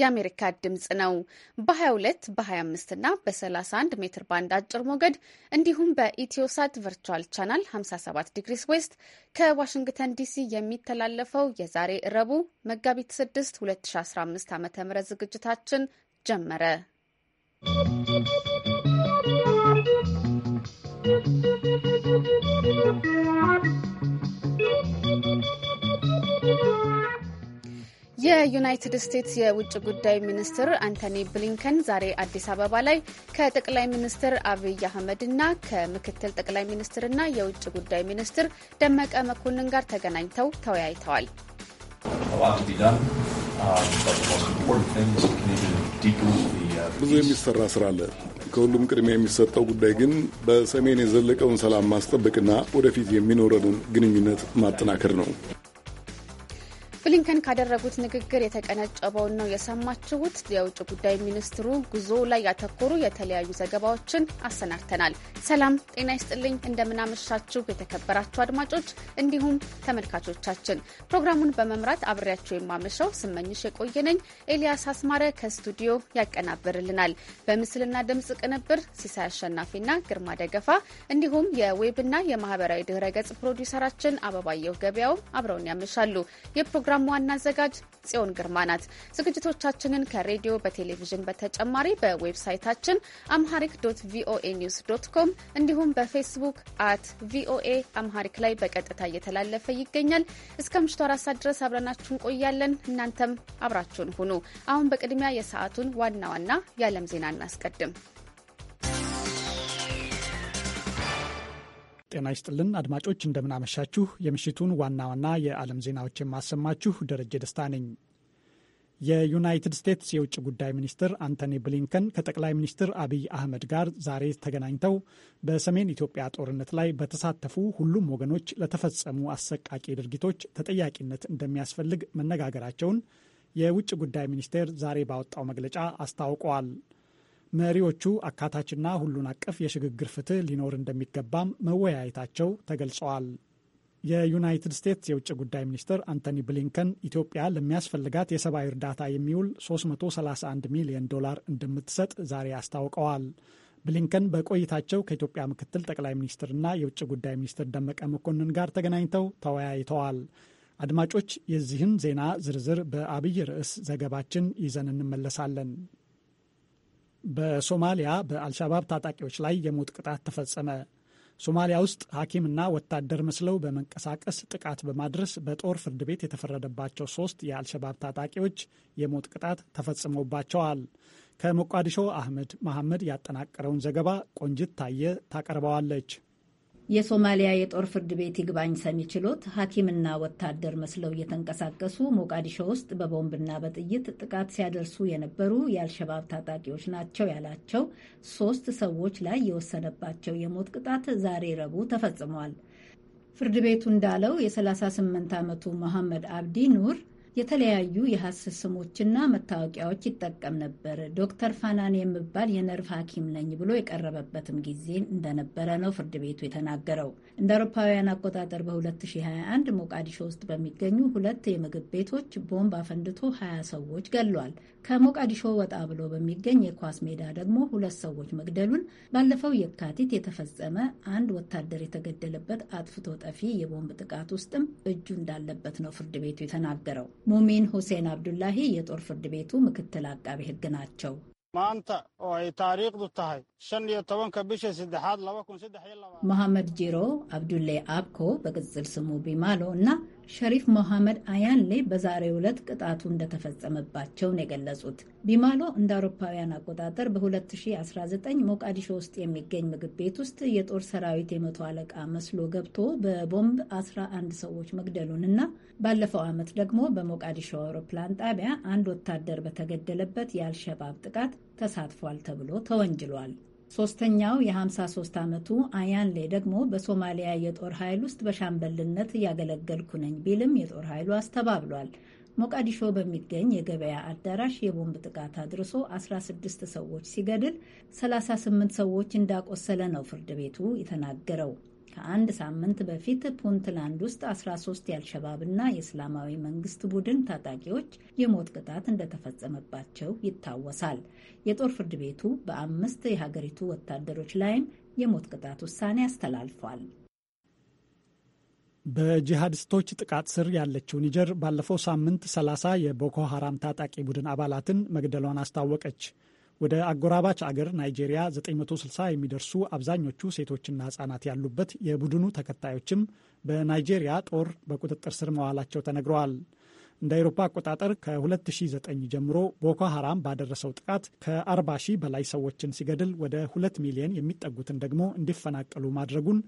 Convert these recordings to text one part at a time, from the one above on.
የአሜሪካ ድምፅ ነው። በ22 በ25 እና በ31 ሜትር ባንድ አጭር ሞገድ እንዲሁም በኢትዮሳት ቨርቹዋል ቻናል 57 ዲግሪስ ዌስት ከዋሽንግተን ዲሲ የሚተላለፈው የዛሬ እረቡ መጋቢት 6 2015 ዓ ም ዝግጅታችን ጀመረ። ¶¶ የዩናይትድ ስቴትስ የውጭ ጉዳይ ሚኒስትር አንቶኒ ብሊንከን ዛሬ አዲስ አበባ ላይ ከጠቅላይ ሚኒስትር አብይ አህመድና ከምክትል ጠቅላይ ሚኒስትርና የውጭ ጉዳይ ሚኒስትር ደመቀ መኮንን ጋር ተገናኝተው ተወያይተዋል። ብዙ የሚሰራ ስራ አለ። ከሁሉም ቅድሚያ የሚሰጠው ጉዳይ ግን በሰሜን የዘለቀውን ሰላም ማስጠበቅና ወደፊት የሚኖረንን ግንኙነት ማጠናከር ነው። ብሊንከን ካደረጉት ንግግር የተቀነጨበውን ነው የሰማችሁት። የውጭ ጉዳይ ሚኒስትሩ ጉዞ ላይ ያተኮሩ የተለያዩ ዘገባዎችን አሰናድተናል። ሰላም ጤና ይስጥልኝ፣ እንደምናመሻችሁ የተከበራችሁ አድማጮች እንዲሁም ተመልካቾቻችን። ፕሮግራሙን በመምራት አብሬያቸው የማመሻው ስመኝሽ የቆየነኝ ኤልያስ አስማረ ከስቱዲዮ ያቀናብርልናል። በምስልና ድምፅ ቅንብር ሲሳይ አሸናፊና ግርማ ደገፋ እንዲሁም የዌብና የማህበራዊ ድህረ ገጽ ፕሮዲውሰራችን አበባየሁ ገበያው አብረውን ያመሻሉ። ፕሮግራም ዋና አዘጋጅ ጽዮን ግርማ ናት። ዝግጅቶቻችንን ከሬዲዮ በቴሌቪዥን በተጨማሪ በዌብሳይታችን አምሃሪክ ዶት ቪኦኤ ኒውስ ዶት ኮም እንዲሁም በፌስቡክ አት ቪኦኤ አምሃሪክ ላይ በቀጥታ እየተላለፈ ይገኛል። እስከ ምሽቱ አራት ሰዓት ድረስ አብረናችሁ እንቆያለን። እናንተም አብራችሁን ሁኑ። አሁን በቅድሚያ የሰዓቱን ዋና ዋና የዓለም ዜና እናስቀድም። ጤና ይስጥልን አድማጮች፣ እንደምናመሻችሁ። የምሽቱን ዋና ዋና የዓለም ዜናዎች የማሰማችሁ ደረጀ ደስታ ነኝ። የዩናይትድ ስቴትስ የውጭ ጉዳይ ሚኒስትር አንቶኒ ብሊንከን ከጠቅላይ ሚኒስትር አብይ አህመድ ጋር ዛሬ ተገናኝተው በሰሜን ኢትዮጵያ ጦርነት ላይ በተሳተፉ ሁሉም ወገኖች ለተፈጸሙ አሰቃቂ ድርጊቶች ተጠያቂነት እንደሚያስፈልግ መነጋገራቸውን የውጭ ጉዳይ ሚኒስቴር ዛሬ ባወጣው መግለጫ አስታውቀዋል። መሪዎቹ አካታችና ሁሉን አቀፍ የሽግግር ፍትህ ሊኖር እንደሚገባም መወያየታቸው ተገልጸዋል። የዩናይትድ ስቴትስ የውጭ ጉዳይ ሚኒስትር አንቶኒ ብሊንከን ኢትዮጵያ ለሚያስፈልጋት የሰብአዊ እርዳታ የሚውል 331 ሚሊዮን ዶላር እንደምትሰጥ ዛሬ አስታውቀዋል። ብሊንከን በቆይታቸው ከኢትዮጵያ ምክትል ጠቅላይ ሚኒስትርና የውጭ ጉዳይ ሚኒስትር ደመቀ መኮንን ጋር ተገናኝተው ተወያይተዋል። አድማጮች፣ የዚህን ዜና ዝርዝር በአብይ ርዕስ ዘገባችን ይዘን እንመለሳለን። በሶማሊያ በአልሻባብ ታጣቂዎች ላይ የሞት ቅጣት ተፈጸመ። ሶማሊያ ውስጥ ሐኪምና ወታደር መስለው በመንቀሳቀስ ጥቃት በማድረስ በጦር ፍርድ ቤት የተፈረደባቸው ሶስት የአልሸባብ ታጣቂዎች የሞት ቅጣት ተፈጽሞባቸዋል። ከሞቃዲሾ አህመድ መሐመድ ያጠናቀረውን ዘገባ ቆንጅት ታየ ታቀርበዋለች። የሶማሊያ የጦር ፍርድ ቤት ይግባኝ ሰሚ ችሎት ሐኪምና ወታደር መስለው እየተንቀሳቀሱ ሞቃዲሾ ውስጥ በቦምብና በጥይት ጥቃት ሲያደርሱ የነበሩ የአልሸባብ ታጣቂዎች ናቸው ያላቸው ሶስት ሰዎች ላይ የወሰነባቸው የሞት ቅጣት ዛሬ ረቡዕ ተፈጽሟል። ፍርድ ቤቱ እንዳለው የ38 ዓመቱ መሐመድ አብዲ ኑር የተለያዩ የሐሰት ስሞችና መታወቂያዎች ይጠቀም ነበር። ዶክተር ፋናን የሚባል የነርቭ ሐኪም ነኝ ብሎ የቀረበበትም ጊዜ እንደነበረ ነው ፍርድ ቤቱ የተናገረው። እንደ አውሮፓውያን አቆጣጠር በ2021 ሞቃዲሾ ውስጥ በሚገኙ ሁለት የምግብ ቤቶች ቦምብ አፈንድቶ 20 ሰዎች ገሏል። ከሞቃዲሾ ወጣ ብሎ በሚገኝ የኳስ ሜዳ ደግሞ ሁለት ሰዎች መግደሉን ባለፈው የካቲት የተፈጸመ አንድ ወታደር የተገደለበት አጥፍቶ ጠፊ የቦምብ ጥቃት ውስጥም እጁ እንዳለበት ነው ፍርድ ቤቱ የተናገረው። ሙሚን ሁሴን አብዱላሂ የጦር ፍርድ ቤቱ ምክትል አቃቤ ህግ ናቸው። ማንተ ታሪክ ዱታሃይ መሐመድ ጂሮ፣ አብዱሌ አብኮ በቅጽል ስሙ ቢማሎ እና ሸሪፍ ሞሐመድ አያንሌ በዛሬው ዕለት ቅጣቱ እንደተፈጸመባቸውን የገለጹት ቢማሎ እንደ አውሮፓውያን አቆጣጠር በ2019 ሞቃዲሾ ውስጥ የሚገኝ ምግብ ቤት ውስጥ የጦር ሰራዊት የመቶ አለቃ መስሎ ገብቶ በቦምብ 11 ሰዎች መግደሉን እና ባለፈው ዓመት ደግሞ በሞቃዲሾ አውሮፕላን ጣቢያ አንድ ወታደር በተገደለበት የአልሸባብ ጥቃት ተሳትፏል ተብሎ ተወንጅሏል። ሶስተኛው የ53 ዓመቱ አያንሌ ደግሞ በሶማሊያ የጦር ኃይል ውስጥ በሻምበልነት እያገለገልኩ ነኝ ቢልም የጦር ኃይሉ አስተባብሏል። ሞቃዲሾ በሚገኝ የገበያ አዳራሽ የቦምብ ጥቃት አድርሶ 16 ሰዎች ሲገድል 38 ሰዎች እንዳቆሰለ ነው ፍርድ ቤቱ የተናገረው። ከአንድ ሳምንት በፊት ፑንትላንድ ውስጥ 13 የአልሸባብና የእስላማዊ መንግስት ቡድን ታጣቂዎች የሞት ቅጣት እንደተፈጸመባቸው ይታወሳል። የጦር ፍርድ ቤቱ በአምስት የሀገሪቱ ወታደሮች ላይም የሞት ቅጣት ውሳኔ አስተላልፏል። በጂሃዲስቶች ጥቃት ስር ያለችው ኒጀር ባለፈው ሳምንት 30 የቦኮ ሐራም ታጣቂ ቡድን አባላትን መግደሏን አስታወቀች። ወደ አጎራባች አገር ናይጄሪያ 960 የሚደርሱ አብዛኞቹ ሴቶችና ህጻናት ያሉበት የቡድኑ ተከታዮችም በናይጄሪያ ጦር በቁጥጥር ስር መዋላቸው ተነግረዋል። እንደ አውሮፓ አቆጣጠር ከ2009 ጀምሮ ቦኮ ሀራም ባደረሰው ጥቃት ከ40 ሺህ በላይ ሰዎችን ሲገድል ወደ 2 ሚሊዮን የሚጠጉትን ደግሞ እንዲፈናቀሉ ማድረጉን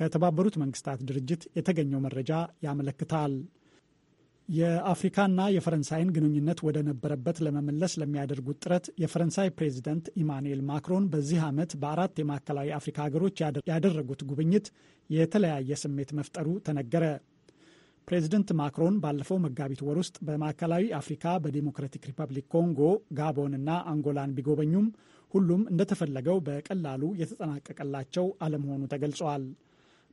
ከተባበሩት መንግስታት ድርጅት የተገኘው መረጃ ያመለክታል። የአፍሪካና የፈረንሳይን ግንኙነት ወደ ነበረበት ለመመለስ ለሚያደርጉት ጥረት የፈረንሳይ ፕሬዚደንት ኢማኑኤል ማክሮን በዚህ ዓመት በአራት የማዕከላዊ አፍሪካ ሀገሮች ያደረጉት ጉብኝት የተለያየ ስሜት መፍጠሩ ተነገረ። ፕሬዚደንት ማክሮን ባለፈው መጋቢት ወር ውስጥ በማዕከላዊ አፍሪካ በዲሞክራቲክ ሪፐብሊክ ኮንጎ፣ ጋቦን እና አንጎላን ቢጎበኙም ሁሉም እንደተፈለገው በቀላሉ የተጠናቀቀላቸው አለመሆኑ ተገልጿል።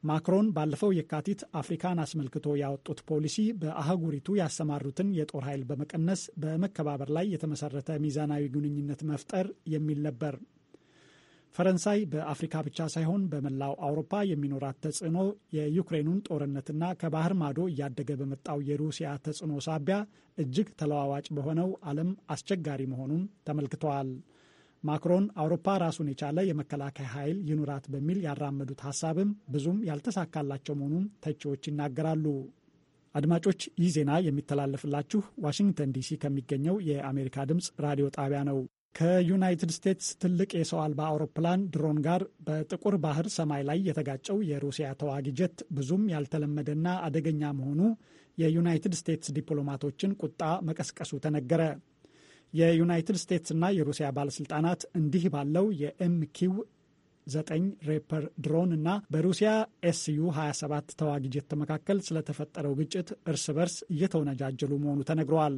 ማክሮን ባለፈው የካቲት አፍሪካን አስመልክቶ ያወጡት ፖሊሲ በአህጉሪቱ ያሰማሩትን የጦር ኃይል በመቀነስ በመከባበር ላይ የተመሰረተ ሚዛናዊ ግንኙነት መፍጠር የሚል ነበር። ፈረንሳይ በአፍሪካ ብቻ ሳይሆን በመላው አውሮፓ የሚኖራት ተጽዕኖ የዩክሬኑን ጦርነትና ከባህር ማዶ እያደገ በመጣው የሩሲያ ተጽዕኖ ሳቢያ እጅግ ተለዋዋጭ በሆነው ዓለም አስቸጋሪ መሆኑን ተመልክተዋል። ማክሮን አውሮፓ ራሱን የቻለ የመከላከያ ኃይል ይኑራት በሚል ያራመዱት ሀሳብም ብዙም ያልተሳካላቸው መሆኑን ተቺዎች ይናገራሉ። አድማጮች ይህ ዜና የሚተላለፍላችሁ ዋሽንግተን ዲሲ ከሚገኘው የአሜሪካ ድምፅ ራዲዮ ጣቢያ ነው። ከዩናይትድ ስቴትስ ትልቅ የሰው አልባ አውሮፕላን ድሮን ጋር በጥቁር ባህር ሰማይ ላይ የተጋጨው የሩሲያ ተዋጊ ጀት ብዙም ያልተለመደና አደገኛ መሆኑ የዩናይትድ ስቴትስ ዲፕሎማቶችን ቁጣ መቀስቀሱ ተነገረ። የዩናይትድ ስቴትስና የሩሲያ ባለስልጣናት እንዲህ ባለው የኤምኪው ዘጠኝ ሬፐር ድሮን እና በሩሲያ ኤስዩ 27 ተዋጊ ጀት መካከል ስለተፈጠረው ግጭት እርስ በርስ እየተወነጃጀሉ መሆኑ ተነግረዋል።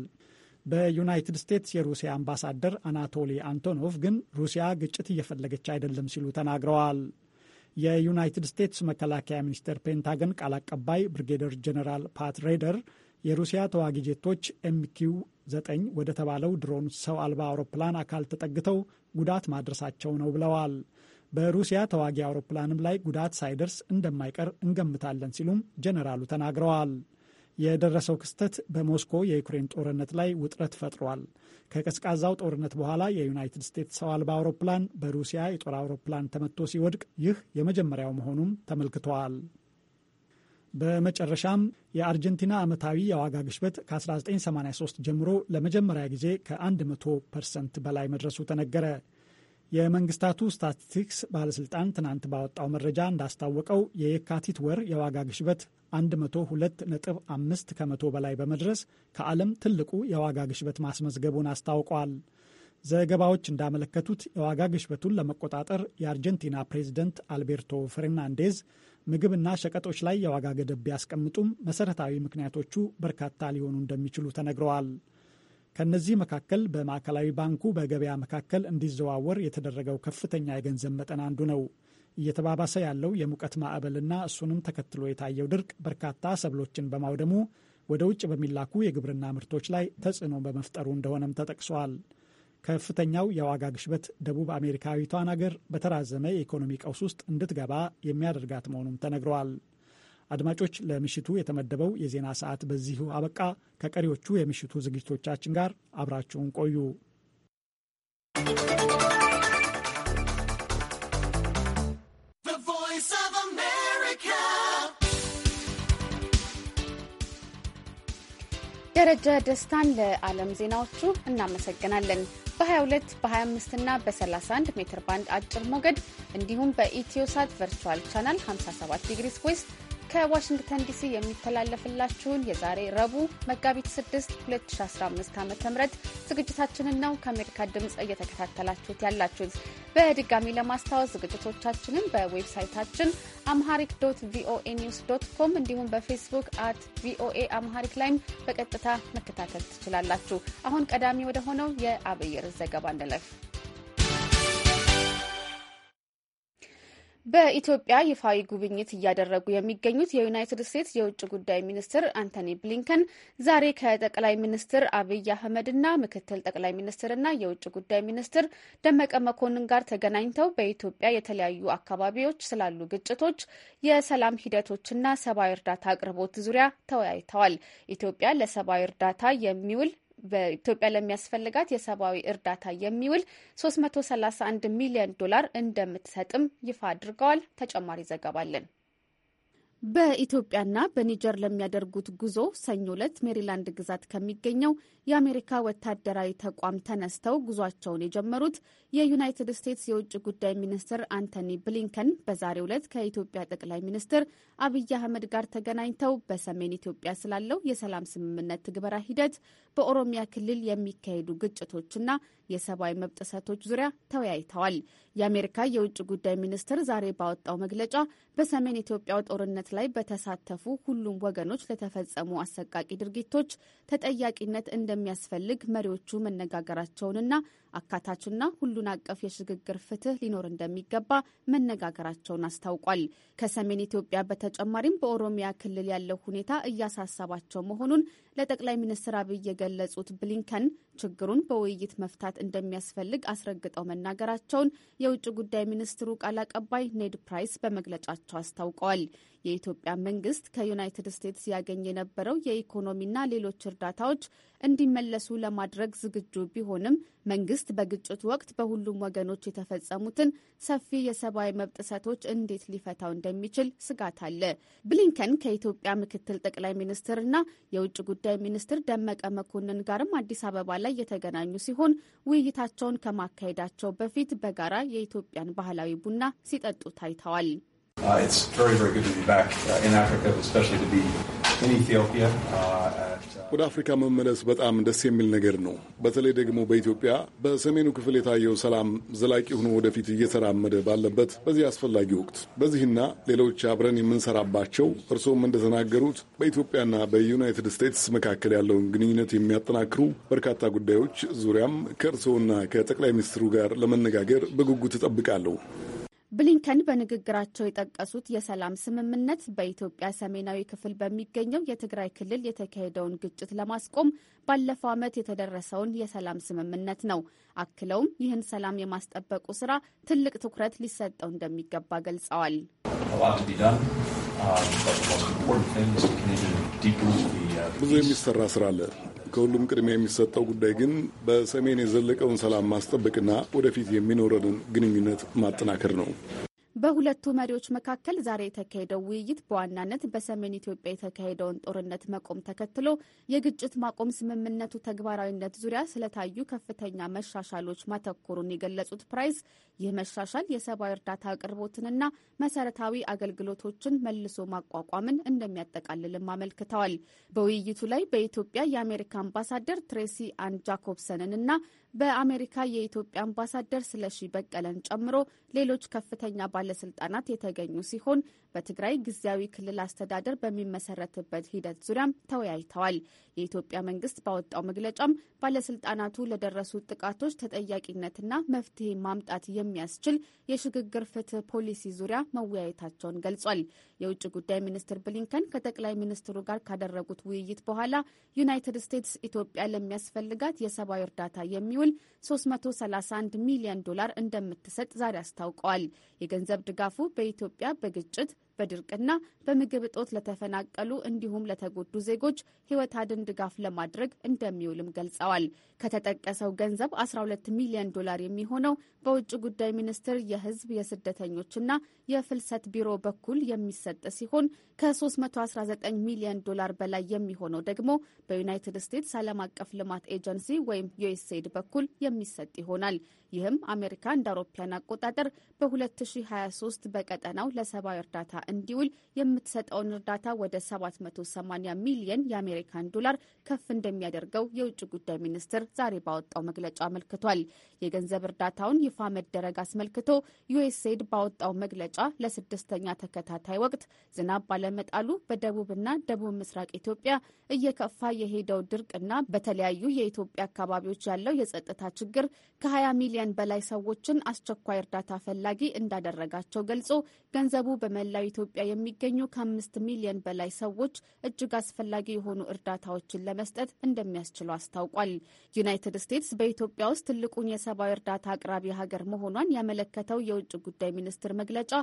በዩናይትድ ስቴትስ የሩሲያ አምባሳደር አናቶሊ አንቶኖቭ ግን ሩሲያ ግጭት እየፈለገች አይደለም ሲሉ ተናግረዋል። የዩናይትድ ስቴትስ መከላከያ ሚኒስቴር ፔንታገን ቃል አቀባይ ብሪጌደር ጀኔራል ፓት ሬደር የሩሲያ ተዋጊ ጄቶች ኤምኪው ዘጠኝ ወደ ተባለው ድሮን ሰው አልባ አውሮፕላን አካል ተጠግተው ጉዳት ማድረሳቸው ነው ብለዋል። በሩሲያ ተዋጊ አውሮፕላንም ላይ ጉዳት ሳይደርስ እንደማይቀር እንገምታለን ሲሉም ጀኔራሉ ተናግረዋል። የደረሰው ክስተት በሞስኮ የዩክሬን ጦርነት ላይ ውጥረት ፈጥሯል። ከቀዝቃዛው ጦርነት በኋላ የዩናይትድ ስቴትስ ሰው አልባ አውሮፕላን በሩሲያ የጦር አውሮፕላን ተመቶ ሲወድቅ ይህ የመጀመሪያው መሆኑም ተመልክተዋል። በመጨረሻም የአርጀንቲና ዓመታዊ የዋጋ ግሽበት ከ1983 ጀምሮ ለመጀመሪያ ጊዜ ከ100 ፐርሰንት በላይ መድረሱ ተነገረ። የመንግስታቱ ስታቲስቲክስ ባለሥልጣን ትናንት ባወጣው መረጃ እንዳስታወቀው የየካቲት ወር የዋጋ ግሽበት 102.5 ከመቶ በላይ በመድረስ ከዓለም ትልቁ የዋጋ ግሽበት ማስመዝገቡን አስታውቋል። ዘገባዎች እንዳመለከቱት የዋጋ ግሽበቱን ለመቆጣጠር የአርጀንቲና ፕሬዚደንት አልቤርቶ ፈርናንዴዝ ምግብና ሸቀጦች ላይ የዋጋ ገደብ ቢያስቀምጡም መሰረታዊ ምክንያቶቹ በርካታ ሊሆኑ እንደሚችሉ ተነግረዋል። ከነዚህ መካከል በማዕከላዊ ባንኩ በገበያ መካከል እንዲዘዋወር የተደረገው ከፍተኛ የገንዘብ መጠን አንዱ ነው። እየተባባሰ ያለው የሙቀት ማዕበልና እሱንም ተከትሎ የታየው ድርቅ በርካታ ሰብሎችን በማውደሙ ወደ ውጭ በሚላኩ የግብርና ምርቶች ላይ ተጽዕኖ በመፍጠሩ እንደሆነም ተጠቅሷል። ከፍተኛው የዋጋ ግሽበት ደቡብ አሜሪካዊቷን አገር በተራዘመ የኢኮኖሚ ቀውስ ውስጥ እንድትገባ የሚያደርጋት መሆኑም ተነግረዋል። አድማጮች፣ ለምሽቱ የተመደበው የዜና ሰዓት በዚሁ አበቃ። ከቀሪዎቹ የምሽቱ ዝግጅቶቻችን ጋር አብራችሁን ቆዩ። ደረጃ ደስታን ለዓለም ዜናዎቹ እናመሰግናለን። በ22 በ25 እና በ31 ሜትር ባንድ አጭር ሞገድ እንዲሁም በኢትዮሳት ቨርቹዋል ቻናል 57 ዲግሪስ ዌስት ከዋሽንግተን ዲሲ የሚተላለፍላችሁን የዛሬ ረቡዕ መጋቢት 6 2015 ዓ ም ዝግጅታችንን ነው ከአሜሪካ ድምፅ እየተከታተላችሁት ያላችሁት። በድጋሚ ለማስታወስ ዝግጅቶቻችንን በዌብሳይታችን አምሃሪክ ዶት ቪኦኤ ኒውስ ዶት ኮም እንዲሁም በፌስቡክ አት ቪኦኤ አምሃሪክ ላይም በቀጥታ መከታተል ትችላላችሁ። አሁን ቀዳሚ ወደ ሆነው የአብይር ዘገባ እንለፍ። በኢትዮጵያ ይፋዊ ጉብኝት እያደረጉ የሚገኙት የዩናይትድ ስቴትስ የውጭ ጉዳይ ሚኒስትር አንቶኒ ብሊንከን ዛሬ ከጠቅላይ ሚኒስትር አብይ አህመድና ምክትል ጠቅላይ ሚኒስትርና የውጭ ጉዳይ ሚኒስትር ደመቀ መኮንን ጋር ተገናኝተው በኢትዮጵያ የተለያዩ አካባቢዎች ስላሉ ግጭቶች፣ የሰላም ሂደቶችና ሰብአዊ እርዳታ አቅርቦት ዙሪያ ተወያይተዋል። ኢትዮጵያ ለሰብአዊ እርዳታ የሚውል በኢትዮጵያ ለሚያስፈልጋት የሰብአዊ እርዳታ የሚውል 331 ሚሊዮን ዶላር እንደምትሰጥም ይፋ አድርገዋል። ተጨማሪ ዘገባለን በኢትዮጵያና በኒጀር ለሚያደርጉት ጉዞ ሰኞ ዕለት ሜሪላንድ ግዛት ከሚገኘው የአሜሪካ ወታደራዊ ተቋም ተነስተው ጉዟቸውን የጀመሩት የዩናይትድ ስቴትስ የውጭ ጉዳይ ሚኒስትር አንቶኒ ብሊንከን በዛሬው ዕለት ከኢትዮጵያ ጠቅላይ ሚኒስትር አብይ አህመድ ጋር ተገናኝተው በሰሜን ኢትዮጵያ ስላለው የሰላም ስምምነት ትግበራ ሂደት፣ በኦሮሚያ ክልል የሚካሄዱ ግጭቶችና የሰብአዊ መብት ጥሰቶች ዙሪያ ተወያይተዋል። የአሜሪካ የውጭ ጉዳይ ሚኒስትር ዛሬ ባወጣው መግለጫ በሰሜን ኢትዮጵያው ጦርነት ላይ በተሳተፉ ሁሉም ወገኖች ለተፈጸሙ አሰቃቂ ድርጊቶች ተጠያቂነት እንደሚያስፈልግ መሪዎቹ መነጋገራቸውንና አካታችና ሁሉን አቀፍ የሽግግር ፍትህ ሊኖር እንደሚገባ መነጋገራቸውን አስታውቋል። ከሰሜን ኢትዮጵያ በተጨማሪም በኦሮሚያ ክልል ያለው ሁኔታ እያሳሰባቸው መሆኑን ለጠቅላይ ሚኒስትር አብይ የገለጹት ብሊንከን ችግሩን በውይይት መፍታት እንደሚያስፈልግ አስረግጠው መናገራቸውን የውጭ ጉዳይ ሚኒስትሩ ቃል አቀባይ ኔድ ፕራይስ በመግለጫቸው አስታውቀዋል። የኢትዮጵያ መንግስት ከዩናይትድ ስቴትስ ያገኝ የነበረው የኢኮኖሚና ሌሎች እርዳታዎች እንዲመለሱ ለማድረግ ዝግጁ ቢሆንም መንግስት በግጭት ወቅት በሁሉም ወገኖች የተፈጸሙትን ሰፊ የሰብአዊ መብት ጥሰቶች እንዴት ሊፈታው እንደሚችል ስጋት አለ። ብሊንከን ከኢትዮጵያ ምክትል ጠቅላይ ሚኒስትርና የውጭ ጉዳይ ሚኒስትር ደመቀ መኮንን ጋርም አዲስ አበባ ላይ የተገናኙ ሲሆን ውይይታቸውን ከማካሄዳቸው በፊት በጋራ የኢትዮጵያን ባህላዊ ቡና ሲጠጡ ታይተዋል። Uh, it's very, very good to be back uh, in Africa, especially to be in Ethiopia. Uh, ወደ አፍሪካ መመለስ በጣም ደስ የሚል ነገር ነው። በተለይ ደግሞ በኢትዮጵያ በሰሜኑ ክፍል የታየው ሰላም ዘላቂ ሆኖ ወደፊት እየተራመደ ባለበት በዚህ አስፈላጊ ወቅት በዚህና ሌሎች አብረን የምንሰራባቸው እርስዎም እንደተናገሩት በኢትዮጵያና በዩናይትድ ስቴትስ መካከል ያለውን ግንኙነት የሚያጠናክሩ በርካታ ጉዳዮች ዙሪያም ከእርስዎና ከጠቅላይ ሚኒስትሩ ጋር ለመነጋገር በጉጉት እጠብቃለሁ። ብሊንከን በንግግራቸው የጠቀሱት የሰላም ስምምነት በኢትዮጵያ ሰሜናዊ ክፍል በሚገኘው የትግራይ ክልል የተካሄደውን ግጭት ለማስቆም ባለፈው ዓመት የተደረሰውን የሰላም ስምምነት ነው። አክለውም ይህን ሰላም የማስጠበቁ ስራ ትልቅ ትኩረት ሊሰጠው እንደሚገባ ገልጸዋል። ብዙ የሚሰራ ስራ አለ። ከሁሉም ቅድሚያ የሚሰጠው ጉዳይ ግን በሰሜን የዘለቀውን ሰላም ማስጠበቅና ወደፊት የሚኖረንን ግንኙነት ማጠናከር ነው። በሁለቱ መሪዎች መካከል ዛሬ የተካሄደው ውይይት በዋናነት በሰሜን ኢትዮጵያ የተካሄደውን ጦርነት መቆም ተከትሎ የግጭት ማቆም ስምምነቱ ተግባራዊነት ዙሪያ ስለታዩ ከፍተኛ መሻሻሎች ማተኮሩን የገለጹት ፕራይስ ይህ መሻሻል የሰብአዊ እርዳታ አቅርቦትንና መሰረታዊ አገልግሎቶችን መልሶ ማቋቋምን እንደሚያጠቃልልም አመልክተዋል። በውይይቱ ላይ በኢትዮጵያ የአሜሪካ አምባሳደር ትሬሲ አን ጃኮብሰንን እና በአሜሪካ የኢትዮጵያ አምባሳደር ስለሺ በቀለን ጨምሮ ሌሎች ከፍተኛ ባለስልጣናት የተገኙ ሲሆን በትግራይ ጊዜያዊ ክልል አስተዳደር በሚመሰረትበት ሂደት ዙሪያም ተወያይተዋል። የኢትዮጵያ መንግስት ባወጣው መግለጫም ባለስልጣናቱ ለደረሱ ጥቃቶች ተጠያቂነትና መፍትሄ ማምጣት የሚያስችል የሽግግር ፍትህ ፖሊሲ ዙሪያ መወያየታቸውን ገልጿል። የውጭ ጉዳይ ሚኒስትር ብሊንከን ከጠቅላይ ሚኒስትሩ ጋር ካደረጉት ውይይት በኋላ ዩናይትድ ስቴትስ ኢትዮጵያ ለሚያስፈልጋት የሰብአዊ እርዳታ የሚውል 331 ሚሊዮን ዶላር እንደምትሰጥ ዛሬ አስታውቀዋል። የገንዘብ ድጋፉ በኢትዮጵያ በግጭት በድርቅና በምግብ እጦት ለተፈናቀሉ እንዲሁም ለተጎዱ ዜጎች ሕይወት አድን ድጋፍ ለማድረግ እንደሚውልም ገልጸዋል። ከተጠቀሰው ገንዘብ 12 ሚሊዮን ዶላር የሚሆነው በውጭ ጉዳይ ሚኒስቴር የሕዝብ የስደተኞችና የፍልሰት ቢሮ በኩል የሚሰጥ ሲሆን ከ319 ሚሊዮን ዶላር በላይ የሚሆነው ደግሞ በዩናይትድ ስቴትስ ዓለም አቀፍ ልማት ኤጀንሲ ወይም ዩኤስኤድ በኩል የሚሰጥ ይሆናል። ይህም አሜሪካ እንደ አውሮፓውያን አቆጣጠር በ2023 በቀጠናው ለሰብአዊ እርዳታ እንዲውል የምትሰጠውን እርዳታ ወደ 780 ሚሊየን የአሜሪካን ዶላር ከፍ እንደሚያደርገው የውጭ ጉዳይ ሚኒስትር ዛሬ ባወጣው መግለጫ አመልክቷል። የገንዘብ እርዳታውን ይፋ መደረግ አስመልክቶ ዩኤስኤድ ባወጣው መግለጫ ለስድስተኛ ተከታታይ ወቅት ዝናብ ባለመጣሉ በደቡብና ደቡብ ምስራቅ ኢትዮጵያ እየከፋ የሄደው ድርቅና በተለያዩ የኢትዮጵያ አካባቢዎች ያለው የጸጥታ ችግር ከ20 ሚሊዮን ከሚሊየን በላይ ሰዎችን አስቸኳይ እርዳታ ፈላጊ እንዳደረጋቸው ገልጾ ገንዘቡ በመላው ኢትዮጵያ የሚገኙ ከአምስት ሚሊየን በላይ ሰዎች እጅግ አስፈላጊ የሆኑ እርዳታዎችን ለመስጠት እንደሚያስችሉ አስታውቋል። ዩናይትድ ስቴትስ በኢትዮጵያ ውስጥ ትልቁን የሰብአዊ እርዳታ አቅራቢ ሀገር መሆኗን ያመለከተው የውጭ ጉዳይ ሚኒስትር መግለጫ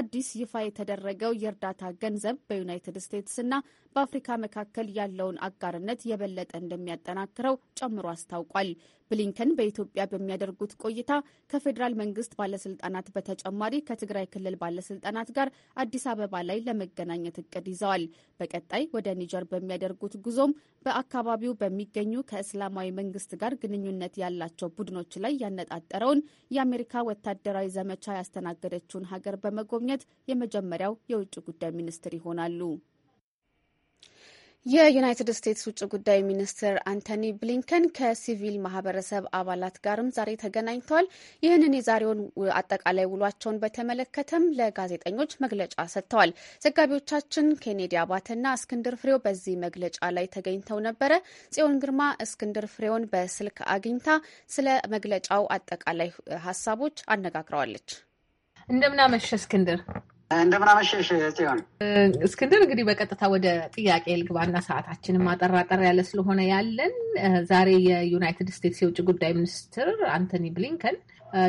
አዲስ ይፋ የተደረገው የእርዳታ ገንዘብ በዩናይትድ ስቴትስና በአፍሪካ መካከል ያለውን አጋርነት የበለጠ እንደሚያጠናክረው ጨምሮ አስታውቋል። ብሊንከን በኢትዮጵያ በሚያደርጉት ቆይታ ከፌዴራል መንግስት ባለስልጣናት በተጨማሪ ከትግራይ ክልል ባለስልጣናት ጋር አዲስ አበባ ላይ ለመገናኘት እቅድ ይዘዋል። በቀጣይ ወደ ኒጀር በሚያደርጉት ጉዞም በአካባቢው በሚገኙ ከእስላማዊ መንግስት ጋር ግንኙነት ያላቸው ቡድኖች ላይ ያነጣጠረውን የአሜሪካ ወታደራዊ ዘመቻ ያስተናገደችውን ሀገር በመጎብኘት የመጀመሪያው የውጭ ጉዳይ ሚኒስትር ይሆናሉ። የዩናይትድ ስቴትስ ውጭ ጉዳይ ሚኒስትር አንቶኒ ብሊንከን ከሲቪል ማህበረሰብ አባላት ጋርም ዛሬ ተገናኝተዋል። ይህንን የዛሬውን አጠቃላይ ውሏቸውን በተመለከተም ለጋዜጠኞች መግለጫ ሰጥተዋል። ዘጋቢዎቻችን ኬኔዲ አባተና እስክንድር ፍሬው በዚህ መግለጫ ላይ ተገኝተው ነበረ። ጽዮን ግርማ እስክንድር ፍሬውን በስልክ አግኝታ ስለ መግለጫው አጠቃላይ ሀሳቦች አነጋግረዋለች። እንደምናመሸ እስክንድር እንደምናመሸሽ ጽዮን። እስክንድር እንግዲህ በቀጥታ ወደ ጥያቄ ልግባና ሰዓታችን ማጠራጠር ያለ ስለሆነ ያለን ዛሬ የዩናይትድ ስቴትስ የውጭ ጉዳይ ሚኒስትር አንቶኒ ብሊንከን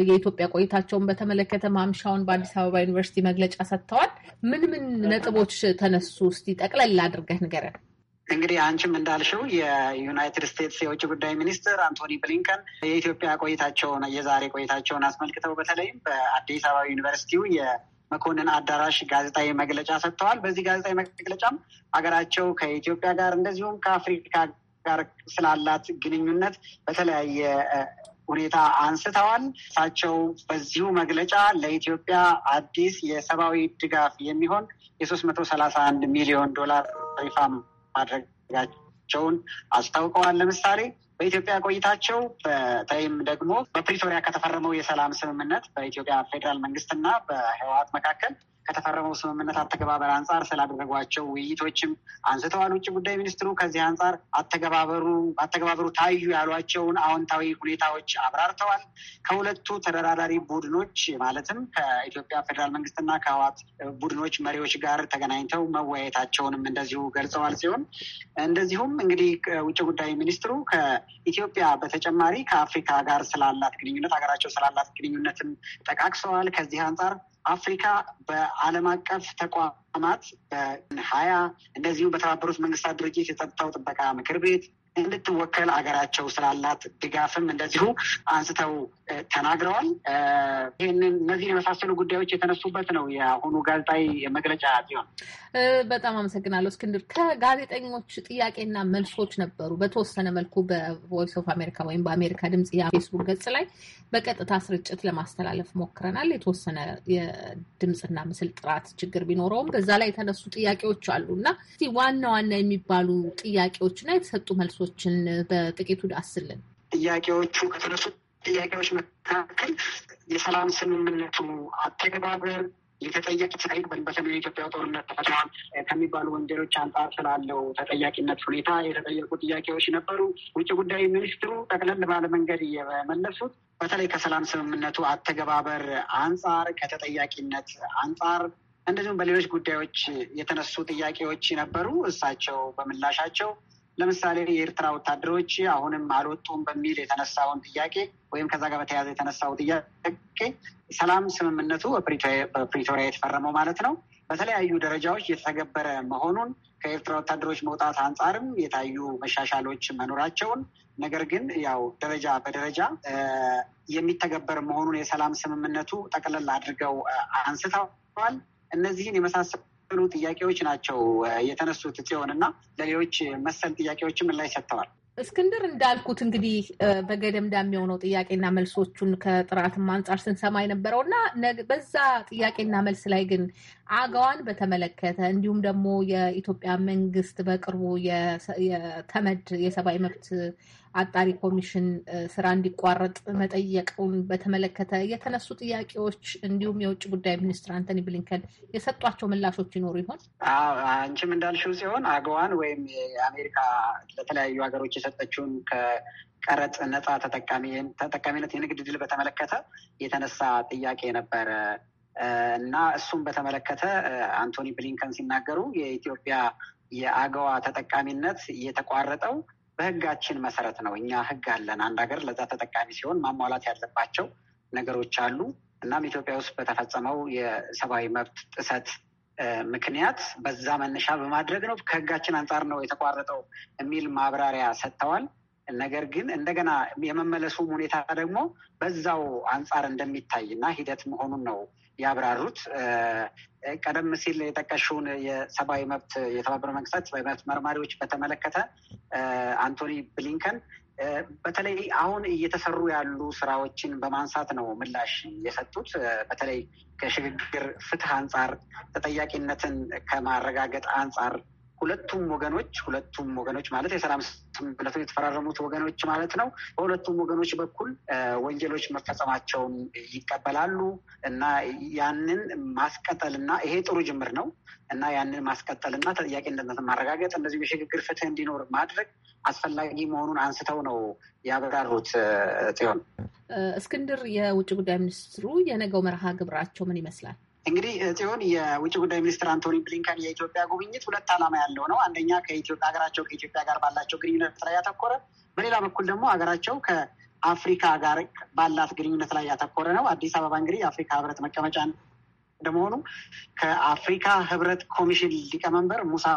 የኢትዮጵያ ቆይታቸውን በተመለከተ ማምሻውን በአዲስ አበባ ዩኒቨርሲቲ መግለጫ ሰጥተዋል። ምን ምን ነጥቦች ተነሱ? እስቲ ጠቅለል አድርገህ ንገረን። እንግዲህ አንቺም እንዳልሽው የዩናይትድ ስቴትስ የውጭ ጉዳይ ሚኒስትር አንቶኒ ብሊንከን የኢትዮጵያ ቆይታቸውን የዛሬ ቆይታቸውን አስመልክተው በተለይም በአዲስ አበባ ዩኒቨርሲቲው መኮንን አዳራሽ ጋዜጣዊ መግለጫ ሰጥተዋል። በዚህ ጋዜጣዊ መግለጫም ሀገራቸው ከኢትዮጵያ ጋር እንደዚሁም ከአፍሪካ ጋር ስላላት ግንኙነት በተለያየ ሁኔታ አንስተዋል። እሳቸው በዚሁ መግለጫ ለኢትዮጵያ አዲስ የሰብአዊ ድጋፍ የሚሆን የሶስት መቶ ሰላሳ አንድ ሚሊዮን ዶላር ሪፋ ማድረጋቸውን አስታውቀዋል። ለምሳሌ በኢትዮጵያ ቆይታቸው በተለይም ደግሞ በፕሪቶሪያ ከተፈረመው የሰላም ስምምነት በኢትዮጵያ ፌዴራል መንግስትና በህወሀት መካከል ከተፈረመው ስምምነት አተገባበር አንጻር ስላደረጓቸው ውይይቶችም አንስተዋል። ውጭ ጉዳይ ሚኒስትሩ ከዚህ አንጻር አተገባበሩ አተገባበሩ ታዩ ያሏቸውን አዎንታዊ ሁኔታዎች አብራርተዋል። ከሁለቱ ተደራዳሪ ቡድኖች ማለትም ከኢትዮጵያ ፌዴራል መንግስትና ከህዋት ቡድኖች መሪዎች ጋር ተገናኝተው መወያየታቸውንም እንደዚሁ ገልጸዋል ሲሆን እንደዚሁም እንግዲህ ውጭ ጉዳይ ሚኒስትሩ ከኢትዮጵያ በተጨማሪ ከአፍሪካ ጋር ስላላት ግንኙነት ሀገራቸው ስላላት ግንኙነትም ጠቃቅሰዋል። ከዚህ አንጻር አፍሪካ በዓለም አቀፍ ተቋማት በሀያ እንደዚሁም በተባበሩት መንግስታት ድርጅት የጸጥታው ጥበቃ ምክር ቤት እንድትወከል አገራቸው ስላላት ድጋፍም እንደዚሁ አንስተው ተናግረዋል። ይህንን እነዚህ የመሳሰሉ ጉዳዮች የተነሱበት ነው የአሁኑ ጋዜጣዊ መግለጫ ሲሆን፣ በጣም አመሰግናለሁ እስክንድር። ከጋዜጠኞች ጥያቄና መልሶች ነበሩ በተወሰነ መልኩ በቮይስ ኦፍ አሜሪካ ወይም በአሜሪካ ድምፅ የፌስቡክ ገጽ ላይ በቀጥታ ስርጭት ለማስተላለፍ ሞክረናል። የተወሰነ የድምፅና ምስል ጥራት ችግር ቢኖረውም በዛ ላይ የተነሱ ጥያቄዎች አሉ እና ዋና ዋና የሚባሉ ጥያቄዎችና የተሰጡ መልሶችን በጥቂቱ ዳስልን። ጥያቄዎቹ ከተነሱት ጥያቄዎች መካከል የሰላም ስምምነቱ አተገባበር የተጠያቂ ሳይድ በሰሜን ኢትዮጵያ ጦርነት ከሚባሉ ወንጀሎች አንጻር ስላለው ተጠያቂነት ሁኔታ የተጠየቁ ጥያቄዎች ነበሩ። ውጭ ጉዳይ ሚኒስትሩ ጠቅለል ባለመንገድ የመለሱት በተለይ ከሰላም ስምምነቱ አተገባበር አንጻር፣ ከተጠያቂነት አንጻር እንደዚሁም በሌሎች ጉዳዮች የተነሱ ጥያቄዎች ነበሩ። እሳቸው በምላሻቸው ለምሳሌ የኤርትራ ወታደሮች አሁንም አልወጡም በሚል የተነሳውን ጥያቄ ወይም ከዛ ጋር በተያያዘ የተነሳው ጥያቄ ሰላም ስምምነቱ በፕሪቶሪያ የተፈረመው ማለት ነው በተለያዩ ደረጃዎች የተተገበረ መሆኑን ከኤርትራ ወታደሮች መውጣት አንጻርም የታዩ መሻሻሎች መኖራቸውን ነገር ግን ያው ደረጃ በደረጃ የሚተገበር መሆኑን የሰላም ስምምነቱ ጠቅለል አድርገው አንስተዋል። እነዚህን የመሳሰሉ የሚሉ ጥያቄዎች ናቸው የተነሱት ሲሆንና ለሌሎች መሰል ጥያቄዎችም ላይ ሰጥተዋል። እስክንድር እንዳልኩት እንግዲህ በገደምዳ የሚሆነው ጥያቄና መልሶቹን ከጥራትም አንጻር ስንሰማ የነበረው እና በዛ ጥያቄና መልስ ላይ ግን አገዋን በተመለከተ እንዲሁም ደግሞ የኢትዮጵያ መንግስት በቅርቡ የተመድ የሰብአዊ መብት አጣሪ ኮሚሽን ስራ እንዲቋረጥ መጠየቁን በተመለከተ የተነሱ ጥያቄዎች እንዲሁም የውጭ ጉዳይ ሚኒስትር አንቶኒ ብሊንከን የሰጧቸው ምላሾች ይኖሩ ይሆን? አንቺም እንዳልሽው ሲሆን አገዋን ወይም የአሜሪካ ለተለያዩ ሀገሮች የሰጠችውን ከቀረጥ ነፃ ተጠቃሚነት የንግድ ድል በተመለከተ የተነሳ ጥያቄ ነበረ እና እሱም በተመለከተ አንቶኒ ብሊንከን ሲናገሩ የኢትዮጵያ የአገዋ ተጠቃሚነት የተቋረጠው በህጋችን መሰረት ነው። እኛ ህግ አለን። አንድ ሀገር ለዛ ተጠቃሚ ሲሆን ማሟላት ያለባቸው ነገሮች አሉ። እናም ኢትዮጵያ ውስጥ በተፈጸመው የሰብአዊ መብት ጥሰት ምክንያት በዛ መነሻ በማድረግ ነው ከህጋችን አንጻር ነው የተቋረጠው የሚል ማብራሪያ ሰጥተዋል። ነገር ግን እንደገና የመመለሱም ሁኔታ ደግሞ በዛው አንጻር እንደሚታይ እና ሂደት መሆኑን ነው ያብራሩት። ቀደም ሲል የጠቀሽውን የሰብአዊ መብት የተባበረ መንግስታት ሰብአዊ መብት መርማሪዎች በተመለከተ አንቶኒ ብሊንከን በተለይ አሁን እየተሰሩ ያሉ ስራዎችን በማንሳት ነው ምላሽ የሰጡት። በተለይ ከሽግግር ፍትህ አንጻር ተጠያቂነትን ከማረጋገጥ አንጻር ሁለቱም ወገኖች ሁለቱም ወገኖች ማለት የሰላም ስምምነቱን የተፈራረሙት ወገኖች ማለት ነው። በሁለቱም ወገኖች በኩል ወንጀሎች መፈጸማቸውን ይቀበላሉ እና ያንን ማስቀጠልና ይሄ ጥሩ ጅምር ነው እና ያንን ማስቀጠልና ተጠያቂነትን ማረጋገጥ እንደዚሁ የሽግግር ፍትህ እንዲኖር ማድረግ አስፈላጊ መሆኑን አንስተው ነው ያበራሩት። ጽዮን እስክንድር፣ የውጭ ጉዳይ ሚኒስትሩ የነገው መርሃ ግብራቸው ምን ይመስላል? እንግዲህ ጽዮን የውጭ ጉዳይ ሚኒስትር አንቶኒ ብሊንከን የኢትዮጵያ ጉብኝት ሁለት ዓላማ ያለው ነው። አንደኛ ከኢትዮጵያ ሀገራቸው ከኢትዮጵያ ጋር ባላቸው ግንኙነት ላይ ያተኮረ፣ በሌላ በኩል ደግሞ ሀገራቸው ከአፍሪካ ጋር ባላት ግንኙነት ላይ ያተኮረ ነው። አዲስ አበባ እንግዲህ የአፍሪካ ህብረት መቀመጫ እንደመሆኑ ከአፍሪካ ህብረት ኮሚሽን ሊቀመንበር ሙሳ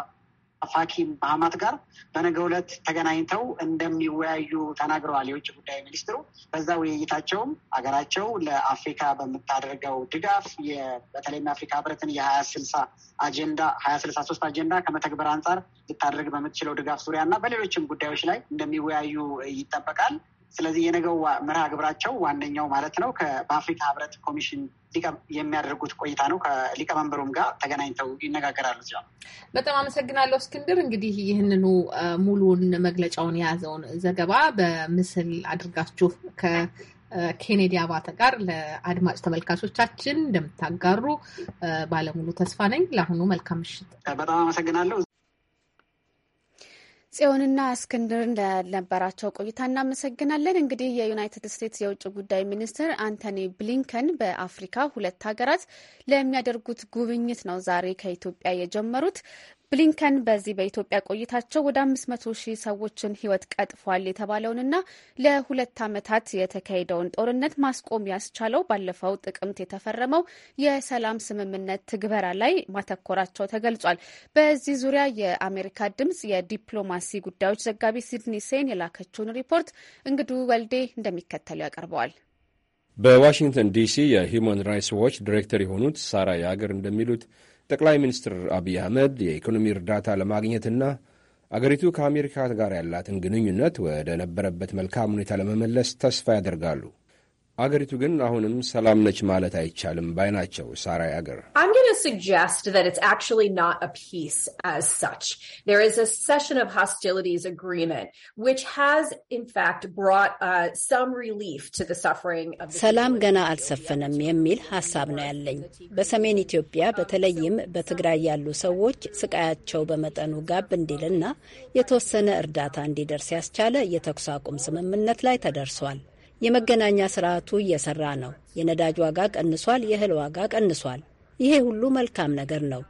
ፋኪም ማህማት ጋር በነገ ዕለት ተገናኝተው እንደሚወያዩ ተናግረዋል። የውጭ ጉዳይ ሚኒስትሩ በዛ ውይይታቸውም ሀገራቸው ለአፍሪካ በምታደርገው ድጋፍ በተለይም የአፍሪካ ህብረትን የሀያ ስልሳ አጀንዳ ሀያ ስልሳ ሶስት አጀንዳ ከመተግበር አንጻር ልታደርግ በምትችለው ድጋፍ ዙሪያ እና በሌሎችም ጉዳዮች ላይ እንደሚወያዩ ይጠበቃል። ስለዚህ የነገው መርሃ ግብራቸው ዋነኛው ማለት ነው በአፍሪካ ህብረት ኮሚሽን የሚያደርጉት ቆይታ ነው። ከሊቀመንበሩም ጋር ተገናኝተው ይነጋገራሉ። እዚያ በጣም አመሰግናለሁ እስክንድር። እንግዲህ ይህንኑ ሙሉን መግለጫውን የያዘውን ዘገባ በምስል አድርጋችሁ ከኬኔዲ አባተ ጋር ለአድማጭ ተመልካቾቻችን እንደምታጋሩ ባለሙሉ ተስፋ ነኝ። ለአሁኑ መልካም ምሽት። በጣም አመሰግናለሁ። ጽዮንና እስክንድር ለነበራቸው ቆይታ እናመሰግናለን። እንግዲህ የዩናይትድ ስቴትስ የውጭ ጉዳይ ሚኒስትር አንቶኒ ብሊንከን በአፍሪካ ሁለት ሀገራት ለሚያደርጉት ጉብኝት ነው ዛሬ ከኢትዮጵያ የጀመሩት። ብሊንከን በዚህ በኢትዮጵያ ቆይታቸው ወደ አምስት መቶ ሺህ ሰዎችን ሕይወት ቀጥፏል የተባለውንና ለሁለት ዓመታት የተካሄደውን ጦርነት ማስቆም ያስቻለው ባለፈው ጥቅምት የተፈረመው የሰላም ስምምነት ትግበራ ላይ ማተኮራቸው ተገልጿል። በዚህ ዙሪያ የአሜሪካ ድምጽ የዲፕሎማሲ ጉዳዮች ዘጋቢ ሲድኒ ሴን የላከችውን ሪፖርት እንግዱ ወልዴ እንደሚከተሉ ያቀርበዋል። በዋሽንግተን ዲሲ የሂውማን ራይትስ ዎች ዲሬክተር የሆኑት ሳራ የአገር እንደሚሉት ጠቅላይ ሚኒስትር አብይ አህመድ የኢኮኖሚ እርዳታ ለማግኘትና አገሪቱ ከአሜሪካ ጋር ያላትን ግንኙነት ወደ ነበረበት መልካም ሁኔታ ለመመለስ ተስፋ ያደርጋሉ። አገሪቱ ግን አሁንም ሰላም ነች ማለት አይቻልም ባይ ናቸው። ሳራ አገር። uh, ሰላም ገና አልሰፈነም የሚል ሀሳብ ነው ያለኝ። በሰሜን ኢትዮጵያ በተለይም በትግራይ ያሉ ሰዎች ስቃያቸው በመጠኑ ጋብ እንዲልና የተወሰነ እርዳታ እንዲደርስ ያስቻለ የተኩስ አቁም ስምምነት ላይ ተደርሷል። የመገናኛ ስርዓቱ እየሰራ ነው። የነዳጅ ዋጋ ቀንሷል። የእህል ዋጋ ቀንሷል። ይሄ ሁሉ መልካም ነገር ነው።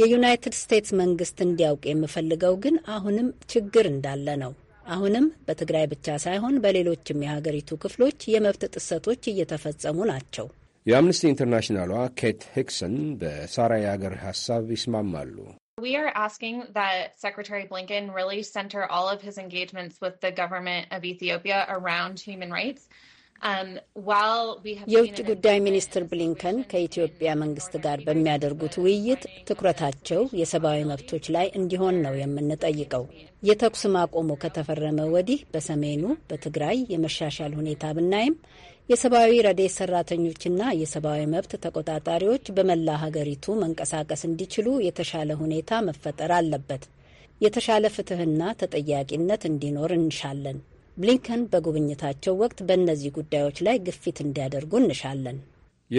የዩናይትድ ስቴትስ መንግስት እንዲያውቅ የምፈልገው ግን አሁንም ችግር እንዳለ ነው። አሁንም በትግራይ ብቻ ሳይሆን በሌሎችም የሀገሪቱ ክፍሎች የመብት ጥሰቶች እየተፈጸሙ ናቸው። የአምነስቲ ኢንተርናሽናሏ ኬት ሂክሰን በሳራ የአገር ሀሳብ ይስማማሉ። We are asking that Secretary Blinken really center all of his engagements with the government of Ethiopia around human rights. የውጭ ጉዳይ ሚኒስትር ብሊንከን ከኢትዮጵያ መንግስት ጋር በሚያደርጉት ውይይት ትኩረታቸው የሰብአዊ መብቶች ላይ እንዲሆን ነው የምንጠይቀው። የተኩስ ማቆሙ ከተፈረመ ወዲህ በሰሜኑ በትግራይ የመሻሻል ሁኔታ ብናይም የሰብአዊ ረዴት ሰራተኞችና የሰብአዊ መብት ተቆጣጣሪዎች በመላ ሀገሪቱ መንቀሳቀስ እንዲችሉ የተሻለ ሁኔታ መፈጠር አለበት። የተሻለ ፍትህና ተጠያቂነት እንዲኖር እንሻለን። ብሊንከን በጉብኝታቸው ወቅት በእነዚህ ጉዳዮች ላይ ግፊት እንዲያደርጉ እንሻለን።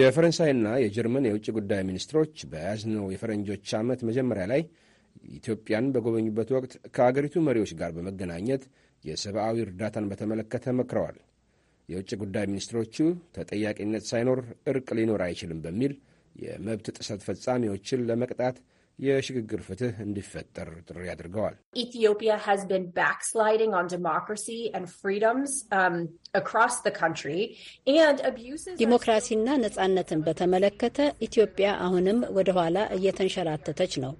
የፈረንሳይና የጀርመን የውጭ ጉዳይ ሚኒስትሮች በያዝነው የፈረንጆች ዓመት መጀመሪያ ላይ ኢትዮጵያን በጎበኙበት ወቅት ከአገሪቱ መሪዎች ጋር በመገናኘት የሰብአዊ እርዳታን በተመለከተ መክረዋል። የውጭ ጉዳይ ሚኒስትሮቹ ተጠያቂነት ሳይኖር እርቅ ሊኖር አይችልም በሚል የመብት ጥሰት ፈጻሚዎችን ለመቅጣት የሽግግር ፍትህ እንዲፈጠር ጥሪ አድርገዋል። ኢትዮጵያ has been backsliding on democracy um, ዲሞክራሲና ነጻነትን በተመለከተ ኢትዮጵያ አሁንም ወደኋላ እየተንሸራተተች ነው።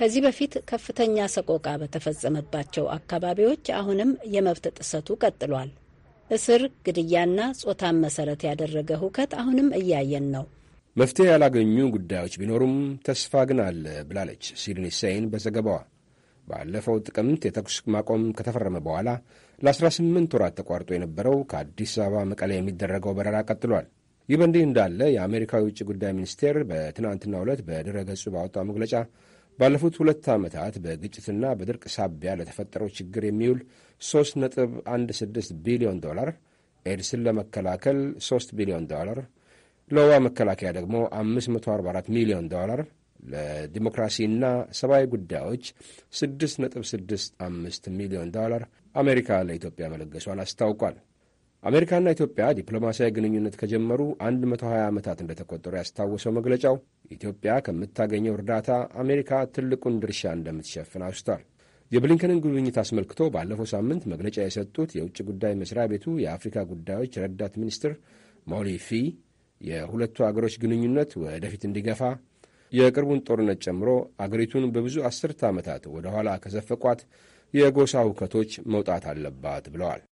ከዚህ በፊት ከፍተኛ ሰቆቃ በተፈጸመባቸው አካባቢዎች አሁንም የመብት ጥሰቱ ቀጥሏል። እስር፣ ግድያና ጾታን መሰረት ያደረገ ሁከት አሁንም እያየን ነው። መፍትሄ ያላገኙ ጉዳዮች ቢኖሩም ተስፋ ግን አለ ብላለች ሲድኒ ሴይን በዘገባዋ። ባለፈው ጥቅምት የተኩስ ማቆም ከተፈረመ በኋላ ለ18 ወራት ተቋርጦ የነበረው ከአዲስ አበባ መቀሌ የሚደረገው በረራ ቀጥሏል። ይህ በእንዲህ እንዳለ የአሜሪካ የውጭ ጉዳይ ሚኒስቴር በትናንትናው ዕለት በድረ ገጹ ባወጣው መግለጫ ባለፉት ሁለት ዓመታት በግጭትና በድርቅ ሳቢያ ለተፈጠረው ችግር የሚውል 3.16 ቢሊዮን ዶላር፣ ኤድስን ለመከላከል 3 ቢሊዮን ዶላር፣ ለወባ መከላከያ ደግሞ 544 ሚሊዮን ዶላር፣ ለዲሞክራሲና ሰብአዊ ጉዳዮች 6.65 ሚሊዮን ዶላር አሜሪካ ለኢትዮጵያ መለገሷን አስታውቋል። አሜሪካና ኢትዮጵያ ዲፕሎማሲያዊ ግንኙነት ከጀመሩ 120 ዓመታት እንደተቆጠሩ ያስታወሰው መግለጫው ኢትዮጵያ ከምታገኘው እርዳታ አሜሪካ ትልቁን ድርሻ እንደምትሸፍን አውስቷል። የብሊንከንን ጉብኝት አስመልክቶ ባለፈው ሳምንት መግለጫ የሰጡት የውጭ ጉዳይ መስሪያ ቤቱ የአፍሪካ ጉዳዮች ረዳት ሚኒስትር ሞሊፊ የሁለቱ አገሮች ግንኙነት ወደፊት እንዲገፋ የቅርቡን ጦርነት ጨምሮ አገሪቱን በብዙ አስርተ ዓመታት ወደ ኋላ ከዘፈቋት የጎሳ ውከቶች መውጣት አለባት ብለዋል።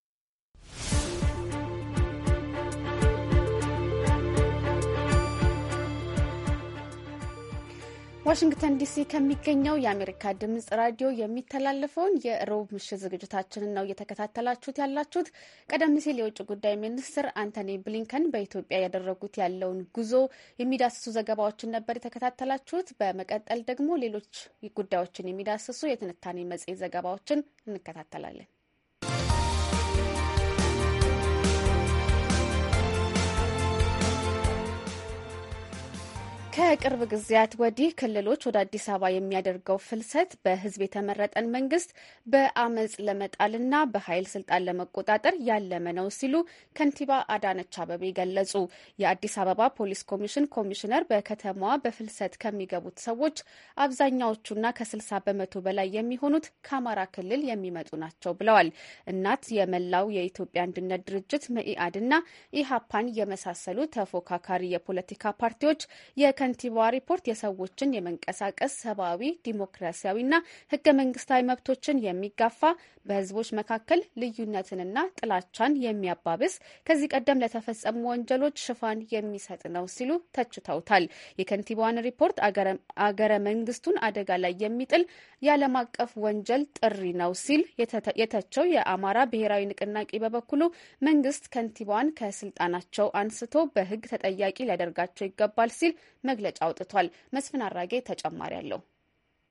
ዋሽንግተን ዲሲ ከሚገኘው የአሜሪካ ድምፅ ራዲዮ የሚተላለፈውን የሮብ ምሽት ዝግጅታችንን ነው እየተከታተላችሁት ያላችሁት። ቀደም ሲል የውጭ ጉዳይ ሚኒስትር አንቶኒ ብሊንከን በኢትዮጵያ ያደረጉት ያለውን ጉዞ የሚዳስሱ ዘገባዎችን ነበር የተከታተላችሁት። በመቀጠል ደግሞ ሌሎች ጉዳዮችን የሚዳስሱ የትንታኔ መጽሔት ዘገባዎችን እንከታተላለን። ከቅርብ ጊዜያት ወዲህ ክልሎች ወደ አዲስ አበባ የሚያደርገው ፍልሰት በህዝብ የተመረጠን መንግስት በአመፅ ለመጣልና በኃይል ስልጣን ለመቆጣጠር ያለመ ነው ሲሉ ከንቲባ አዳነች አበቤ ገለጹ። የአዲስ አበባ ፖሊስ ኮሚሽን ኮሚሽነር በከተማዋ በፍልሰት ከሚገቡት ሰዎች አብዛኛዎቹና ከ60 በመቶ በላይ የሚሆኑት ከአማራ ክልል የሚመጡ ናቸው ብለዋል። እናት የመላው የኢትዮጵያ አንድነት ድርጅት መኢአድና ኢሀፓን የመሳሰሉ ተፎካካሪ የፖለቲካ ፓርቲዎች ከንቲባ ሪፖርት የሰዎችን የመንቀሳቀስ ሰብአዊ፣ ዲሞክራሲያዊና ህገ መንግስታዊ መብቶችን የሚጋፋ በህዝቦች መካከል ልዩነትንና ጥላቻን የሚያባብስ ከዚህ ቀደም ለተፈጸሙ ወንጀሎች ሽፋን የሚሰጥ ነው ሲሉ ተችተውታል። የከንቲባዋን ሪፖርት አገረ መንግስቱን አደጋ ላይ የሚጥል የዓለም አቀፍ ወንጀል ጥሪ ነው ሲል የተቸው የአማራ ብሔራዊ ንቅናቄ በበኩሉ መንግስት ከንቲባዋን ከስልጣናቸው አንስቶ በህግ ተጠያቂ ሊያደርጋቸው ይገባል ሲል መግለጫ አውጥቷል። መስፍን አራጌ ተጨማሪ አለው።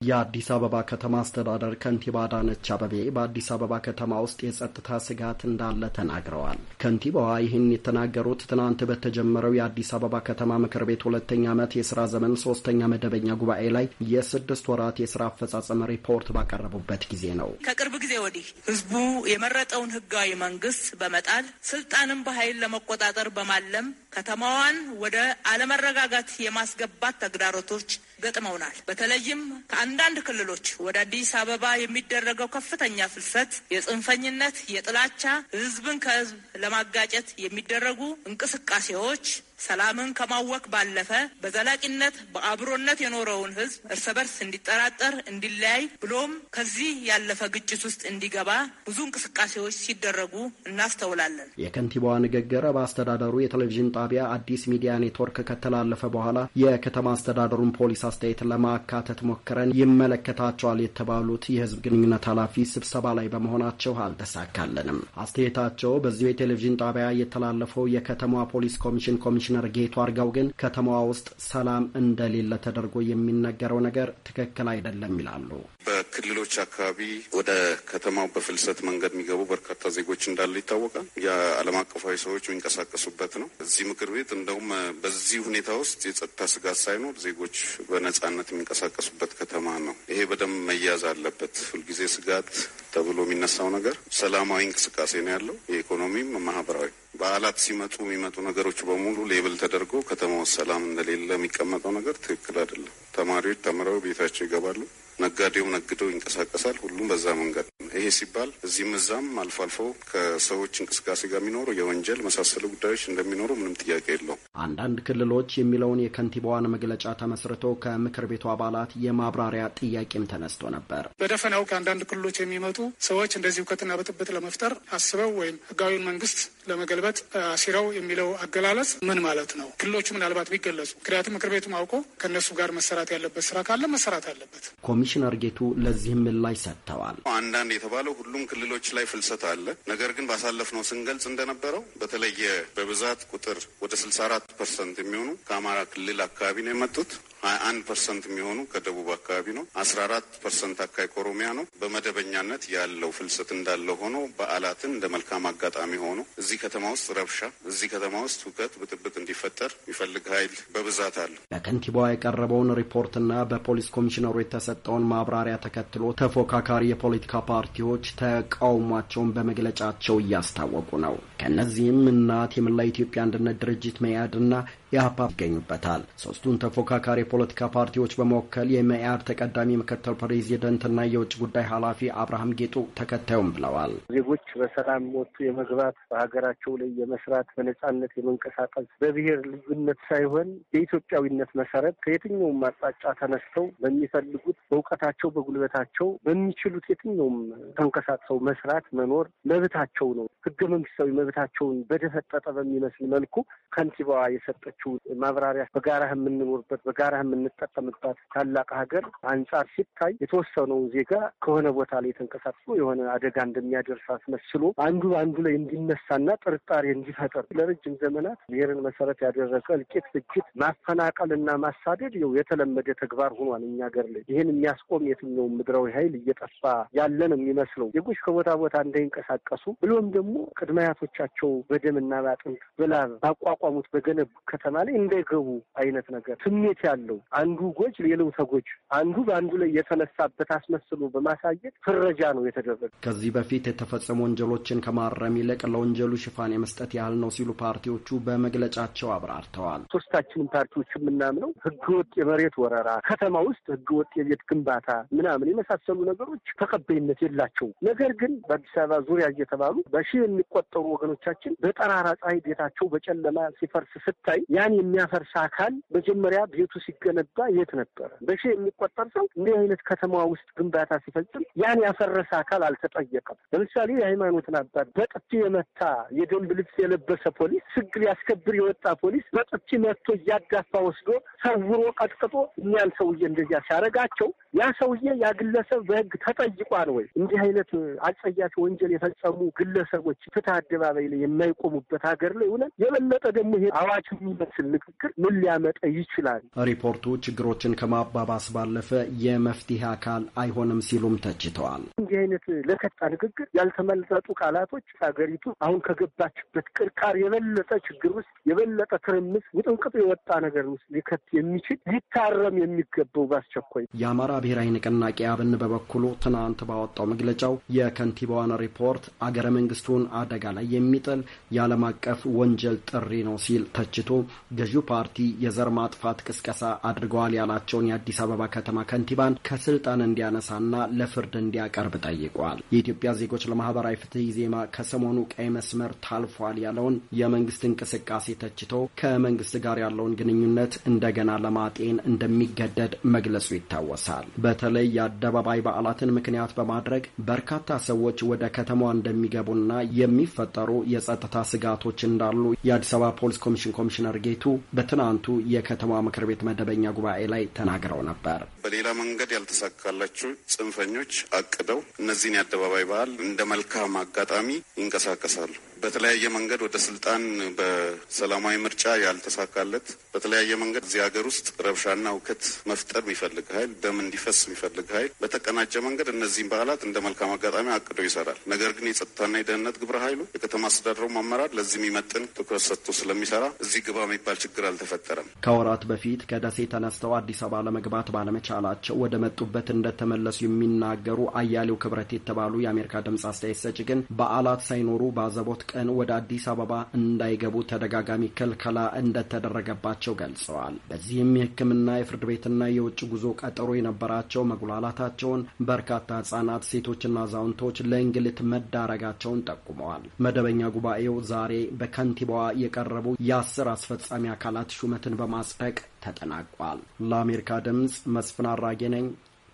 የአዲስ አበባ ከተማ አስተዳደር ከንቲባ አዳነች አበቤ በአዲስ አበባ ከተማ ውስጥ የጸጥታ ስጋት እንዳለ ተናግረዋል። ከንቲባዋ ይህን የተናገሩት ትናንት በተጀመረው የአዲስ አበባ ከተማ ምክር ቤት ሁለተኛ ዓመት የስራ ዘመን ሶስተኛ መደበኛ ጉባኤ ላይ የስድስት ወራት የስራ አፈጻጸም ሪፖርት ባቀረቡበት ጊዜ ነው። ከቅርብ ጊዜ ወዲህ ህዝቡ የመረጠውን ህጋዊ መንግስት በመጣል ስልጣንን በኃይል ለመቆጣጠር በማለም ከተማዋን ወደ አለመረጋጋት የማስገባት ተግዳሮቶች ገጥመውናል። በተለይም ከአንዳንድ ክልሎች ወደ አዲስ አበባ የሚደረገው ከፍተኛ ፍልሰት የጽንፈኝነት፣ የጥላቻ፣ ህዝብን ከህዝብ ለማጋጨት የሚደረጉ እንቅስቃሴዎች ሰላምን ከማወክ ባለፈ በዘላቂነት በአብሮነት የኖረውን ህዝብ እርስ በርስ እንዲጠራጠር፣ እንዲለያይ ብሎም ከዚህ ያለፈ ግጭት ውስጥ እንዲገባ ብዙ እንቅስቃሴዎች ሲደረጉ እናስተውላለን። የከንቲባዋ ንግግር በአስተዳደሩ የቴሌቪዥን ጣቢያ አዲስ ሚዲያ ኔትወርክ ከተላለፈ በኋላ የከተማ አስተዳደሩን ፖሊስ አስተያየት ለማካተት ሞክረን ይመለከታቸዋል የተባሉት የህዝብ ግንኙነት ኃላፊ ስብሰባ ላይ በመሆናቸው አልተሳካለንም። አስተያየታቸው በዚሁ የቴሌቪዥን ጣቢያ የተላለፈው የከተማ ፖሊስ ኮሚሽን ኮሚሽን ኮሚሽነር ጌቱ አርጋው ግን ከተማዋ ውስጥ ሰላም እንደሌለ ተደርጎ የሚነገረው ነገር ትክክል አይደለም ይላሉ። በክልሎች አካባቢ ወደ ከተማው በፍልሰት መንገድ የሚገቡ በርካታ ዜጎች እንዳለ ይታወቃል። የዓለም አቀፋዊ ሰዎች የሚንቀሳቀሱበት ነው። እዚህ ምክር ቤት እንደውም በዚህ ሁኔታ ውስጥ የጸጥታ ስጋት ሳይኖር ዜጎች በነጻነት የሚንቀሳቀሱበት ከተማ ነው። ይሄ በደንብ መያዝ አለበት። ሁልጊዜ ስጋት ተብሎ የሚነሳው ነገር ሰላማዊ እንቅስቃሴ ነው ያለው የኢኮኖሚም ማህበራዊ በዓላት ሲመጡ የሚመጡ ነገሮች በሙሉ ሌብል ተደርጎ ከተማው ሰላም እንደሌለ የሚቀመጠው ነገር ትክክል አይደለም። ተማሪዎች ተምረው ቤታቸው ይገባሉ። ነጋዴውም ነግደው ይንቀሳቀሳል። ሁሉም በዛ መንገድ ይሄ ሲባል እዚህም እዛም አልፎ አልፎ ከሰዎች እንቅስቃሴ ጋር የሚኖሩ የወንጀል መሳሰሉ ጉዳዮች እንደሚኖሩ ምንም ጥያቄ የለውም። አንዳንድ ክልሎች የሚለውን የከንቲባዋን መግለጫ ተመስርቶ ከምክር ቤቱ አባላት የማብራሪያ ጥያቄም ተነስቶ ነበር። በደፈናው ከአንዳንድ ክልሎች የሚመጡ ሰዎች እንደዚህ እውቀትና ብጥብጥ ለመፍጠር አስበው ወይም ህጋዊን መንግስት ለመገልበጥ አሲረው የሚለው አገላለጽ ምን ማለት ነው? ክልሎቹ ምናልባት ቢገለጹ፣ ምክንያቱም ምክር ቤቱም አውቆ ከእነሱ ጋር መሰራት ያለበት ስራ ካለ መሰራት አለበት። ኮሚሽነር ጌቱ ለዚህም ምላሽ ሰጥተዋል። አንዳንድ የተባለው ሁሉም ክልሎች ላይ ፍልሰት አለ። ነገር ግን ባሳለፍነው ስንገልጽ እንደነበረው በተለየ በብዛት ቁጥር ወደ ስልሳ አራት ፐርሰንት የሚሆኑ ከአማራ ክልል አካባቢ ነው የመጡት። ሀያ አንድ ፐርሰንት የሚሆኑ ከደቡብ አካባቢ ነው። አስራ አራት ፐርሰንት አካባቢ ከኦሮሚያ ነው። በመደበኛነት ያለው ፍልሰት እንዳለ ሆኖ በዓላትን እንደ መልካም አጋጣሚ ሆኖ እዚህ ከተማ ውስጥ ረብሻ፣ እዚህ ከተማ ውስጥ ሁከት፣ ብጥብጥ እንዲፈጠር የሚፈልግ ኃይል በብዛት አለ። በከንቲባዋ የቀረበውን ሪፖርትና በፖሊስ ኮሚሽነሩ የተሰጠውን ማብራሪያ ተከትሎ ተፎካካሪ የፖለቲካ ፓርቲዎች ተቃውሟቸውን በመግለጫቸው እያስታወቁ ነው። ከእነዚህም እናት የመላ ኢትዮጵያ አንድነት ድርጅት መያድና የአፓ ይገኙበታል። ሶስቱን ተፎካካሪ የፖለቲካ ፓርቲዎች በመወከል የመኢአድ ተቀዳሚ ምክትል ፕሬዚደንትና የውጭ ጉዳይ ኃላፊ አብርሃም ጌጡ ተከታዩም ብለዋል። ዜጎች በሰላም ወጥቶ የመግባት በሀገራቸው ላይ የመስራት በነጻነት የመንቀሳቀስ በብሔር ልዩነት ሳይሆን በኢትዮጵያዊነት መሰረት ከየትኛውም አቅጣጫ ተነስተው በሚፈልጉት በእውቀታቸው፣ በጉልበታቸው በሚችሉት የትኛውም ተንቀሳቅሰው መስራት መኖር መብታቸው ነው። ህገ መንግስታዊ መብታቸውን በደፈጠጠ በሚመስል መልኩ ከንቲባዋ የሰጠች ያላችሁ ማብራሪያ በጋራ የምንኖርበት በጋራ የምንጠቀምባት ታላቅ ሀገር አንጻር ሲታይ የተወሰነውን ዜጋ ከሆነ ቦታ ላይ ተንቀሳቅሶ የሆነ አደጋ እንደሚያደርስ አስመስሎ አንዱ አንዱ ላይ እንዲነሳና ጥርጣሬ እንዲፈጠር ለረጅም ዘመናት ብሔርን መሰረት ያደረገ እልቂት፣ ፍጅት፣ ማፈናቀልና ማሳደድ ው የተለመደ ተግባር ሆኗል እኛ ሀገር ላይ። ይህን የሚያስቆም የትኛውም ምድራዊ ኃይል እየጠፋ ያለ ነው የሚመስለው። ዜጎች ከቦታ ቦታ እንዳይንቀሳቀሱ ብሎም ደግሞ ቅድመ አያቶቻቸው በደምና በአጥንት በላብ ባቋቋሙት በገነቡ ከተ ከተማ ላይ አይነት ነገር ስሜት ያለው አንዱ ጎጅ ሌላው ተጎጅ አንዱ በአንዱ ላይ የተነሳበት አስመስሎ በማሳየት ፍረጃ ነው የተደረገ። ከዚህ በፊት የተፈጸሙ ወንጀሎችን ከማረም ይልቅ ለወንጀሉ ሽፋን የመስጠት ያህል ነው ሲሉ ፓርቲዎቹ በመግለጫቸው አብራርተዋል። ሶስታችንም ፓርቲዎች የምናምነው ህገወጥ የመሬት ወረራ፣ ከተማ ውስጥ ህገወጥ የቤት ግንባታ ምናምን የመሳሰሉ ነገሮች ተቀባይነት የላቸው። ነገር ግን በአዲስ አበባ ዙሪያ እየተባሉ በሺህ የሚቆጠሩ ወገኖቻችን በጠራራ ፀሐይ ቤታቸው በጨለማ ሲፈርስ ስታይ ያ ያን የሚያፈርስ አካል መጀመሪያ ቤቱ ሲገነባ የት ነበረ? በሺ የሚቆጠር ሰው እንዲህ አይነት ከተማ ውስጥ ግንባታ ሲፈጽም ያን ያፈረሰ አካል አልተጠየቀም። ለምሳሌ የሃይማኖትን አባት በጥፊ የመታ የደንብ ልብስ የለበሰ ፖሊስ፣ ህግ ሊያስከብር የወጣ ፖሊስ በጥፊ መቶ እያዳፋ ወስዶ ሰውሮ ቀጥቅጦ እኛን ሰውዬ እንደዚያ ሲያደርጋቸው ያ ሰውዬ ያ ግለሰብ በህግ ተጠይቋል ወይ? እንዲህ አይነት አጸያፊ ወንጀል የፈጸሙ ግለሰቦች ፍትህ አደባባይ ላይ የማይቆሙበት ሀገር ላይ ሆነን የበለጠ ደግሞ ይሄ አዋጅ የሚደርስበትን ምክክር ምን ሊያመጣ ይችላል? ሪፖርቱ ችግሮችን ከማባባስ ባለፈ የመፍትሄ አካል አይሆንም ሲሉም ተችተዋል። እንዲህ አይነት ለከጣ ንግግር፣ ያልተመለጠጡ ቃላቶች ሀገሪቱ አሁን ከገባችበት ቅርቃር የበለጠ ችግር ውስጥ የበለጠ ትርምስ ውጥንቅጡ የወጣ ነገር ውስጥ ሊከት የሚችል ሊታረም የሚገባው በአስቸኳይ። የአማራ ብሔራዊ ንቅናቄ አብን በበኩሉ ትናንት ባወጣው መግለጫው የከንቲባዋን ሪፖርት አገረ መንግስቱን አደጋ ላይ የሚጥል የዓለም አቀፍ ወንጀል ጥሪ ነው ሲል ተችቶ ገዢው ፓርቲ የዘር ማጥፋት ቅስቀሳ አድርገዋል ያላቸውን የአዲስ አበባ ከተማ ከንቲባን ከስልጣን እንዲያነሳና ለፍርድ እንዲያቀርብ ጠይቋል። የኢትዮጵያ ዜጎች ለማህበራዊ ፍትህ ኢዜማ ከሰሞኑ ቀይ መስመር ታልፏል ያለውን የመንግስት እንቅስቃሴ ተችቶ ከመንግስት ጋር ያለውን ግንኙነት እንደገና ለማጤን እንደሚገደድ መግለጹ ይታወሳል። በተለይ የአደባባይ በዓላትን ምክንያት በማድረግ በርካታ ሰዎች ወደ ከተማዋ እንደሚገቡና የሚፈጠሩ የጸጥታ ስጋቶች እንዳሉ የአዲስ አበባ ፖሊስ ኮሚሽን ኮሚሽነር ጌቱ በትናንቱ የከተማ ምክር ቤት መደበኛ ጉባኤ ላይ ተናግረው ነበር። በሌላ መንገድ ያልተሳካላቸው ጽንፈኞች አቅደው እነዚህን የአደባባይ በዓል እንደ መልካም አጋጣሚ ይንቀሳቀሳሉ። በተለያየ መንገድ ወደ ስልጣን በሰላማዊ ምርጫ ያልተሳካለት በተለያየ መንገድ እዚህ ሀገር ውስጥ ረብሻና እውከት መፍጠር የሚፈልግ ኃይል ደም እንዲፈስ የሚፈልግ ኃይል በተቀናጀ መንገድ እነዚህን በዓላት እንደ መልካም አጋጣሚ አቅዶ ይሰራል። ነገር ግን የጸጥታና የደህንነት ግብረ ኃይሉ የከተማ አስተዳደሩ አመራር ለዚህ የሚመጥን ትኩረት ሰጥቶ ስለሚሰራ እዚህ ግባ የሚባል ችግር አልተፈጠረም። ከወራት በፊት ከደሴ ተነስተው አዲስ አበባ ለመግባት ባለመቻላቸው ወደ መጡበት እንደተመለሱ የሚናገሩ አያሌው ክብረት የተባሉ የአሜሪካ ድምጽ አስተያየት ሰጭ ግን በዓላት ሳይኖሩ ባዘቦት ቀን ወደ አዲስ አበባ እንዳይገቡ ተደጋጋሚ ክልከላ እንደተደረገባቸው ገልጸዋል። በዚህም የሕክምና የፍርድ ቤትና የውጭ ጉዞ ቀጠሮ የነበራቸው መጉላላታቸውን፣ በርካታ ህጻናት፣ ሴቶችና አዛውንቶች ለእንግልት መዳረጋቸውን ጠቁመዋል። መደበኛ ጉባኤው ዛሬ በከንቲባዋ የቀረቡ የአስር አስፈጻሚ አካላት ሹመትን በማጽደቅ ተጠናቋል። ለአሜሪካ ድምፅ መስፍን አራጌ ነኝ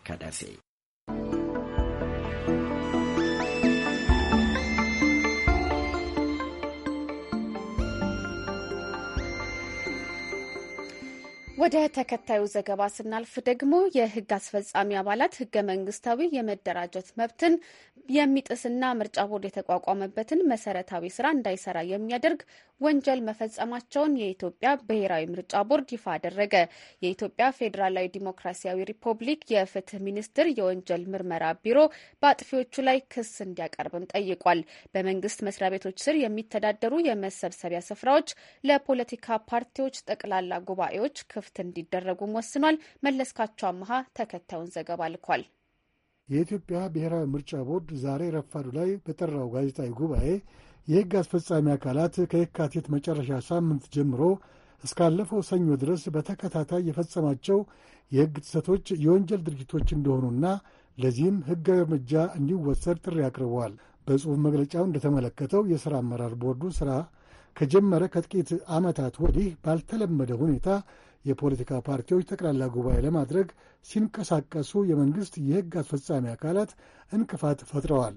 ከደሴ። ወደ ተከታዩ ዘገባ ስናልፍ ደግሞ የህግ አስፈጻሚ አባላት ህገ መንግስታዊ የመደራጀት መብትን የሚጥስና ምርጫ ቦርድ የተቋቋመበትን መሰረታዊ ስራ እንዳይሰራ የሚያደርግ ወንጀል መፈጸማቸውን የኢትዮጵያ ብሔራዊ ምርጫ ቦርድ ይፋ አደረገ። የኢትዮጵያ ፌዴራላዊ ዲሞክራሲያዊ ሪፐብሊክ የፍትህ ሚኒስቴር የወንጀል ምርመራ ቢሮ በአጥፊዎቹ ላይ ክስ እንዲያቀርብም ጠይቋል። በመንግስት መስሪያ ቤቶች ስር የሚተዳደሩ የመሰብሰቢያ ስፍራዎች ለፖለቲካ ፓርቲዎች ጠቅላላ ጉባኤዎች ክፍት እንዲደረጉም ወስኗል። መለስካቸው አመሃ ተከታዩን ዘገባ ልኳል። የኢትዮጵያ ብሔራዊ ምርጫ ቦርድ ዛሬ ረፋዱ ላይ በጠራው ጋዜጣዊ ጉባኤ የሕግ አስፈጻሚ አካላት ከየካቲት መጨረሻ ሳምንት ጀምሮ እስካለፈው ሰኞ ድረስ በተከታታይ የፈጸማቸው የሕግ ጥሰቶች የወንጀል ድርጊቶች እንደሆኑና ለዚህም ሕጋዊ እርምጃ እንዲወሰድ ጥሪ አቅርበዋል። በጽሑፍ መግለጫው እንደተመለከተው የሥራ አመራር ቦርዱ ሥራ ከጀመረ ከጥቂት ዓመታት ወዲህ ባልተለመደ ሁኔታ የፖለቲካ ፓርቲዎች ጠቅላላ ጉባኤ ለማድረግ ሲንቀሳቀሱ የመንግሥት የሕግ አስፈጻሚ አካላት እንቅፋት ፈጥረዋል።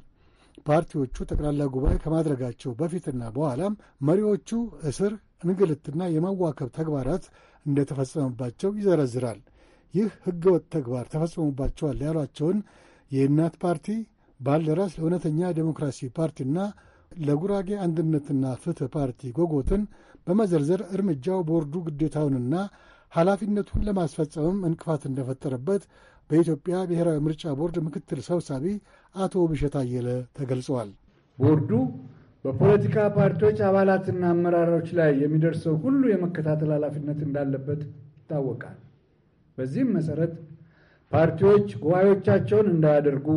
ፓርቲዎቹ ጠቅላላ ጉባኤ ከማድረጋቸው በፊትና በኋላም መሪዎቹ እስር፣ እንግልትና የማዋከብ ተግባራት እንደተፈጸመባቸው ይዘረዝራል። ይህ ሕገወጥ ተግባር ተፈጽሞባቸዋል ያሏቸውን የእናት ፓርቲ፣ ባልደራስ ለእውነተኛ ዴሞክራሲ ፓርቲና ለጉራጌ አንድነትና ፍትህ ፓርቲ ጎጎትን በመዘርዘር እርምጃው ቦርዱ ግዴታውንና ኃላፊነቱን ለማስፈጸምም እንቅፋት እንደፈጠረበት በኢትዮጵያ ብሔራዊ ምርጫ ቦርድ ምክትል ሰብሳቢ አቶ ብሸት አየለ ተገልጸዋል። ቦርዱ በፖለቲካ ፓርቲዎች አባላትና አመራሮች ላይ የሚደርሰው ሁሉ የመከታተል ኃላፊነት እንዳለበት ይታወቃል። በዚህም መሰረት ፓርቲዎች ጉባኤዎቻቸውን እንዳያደርጉ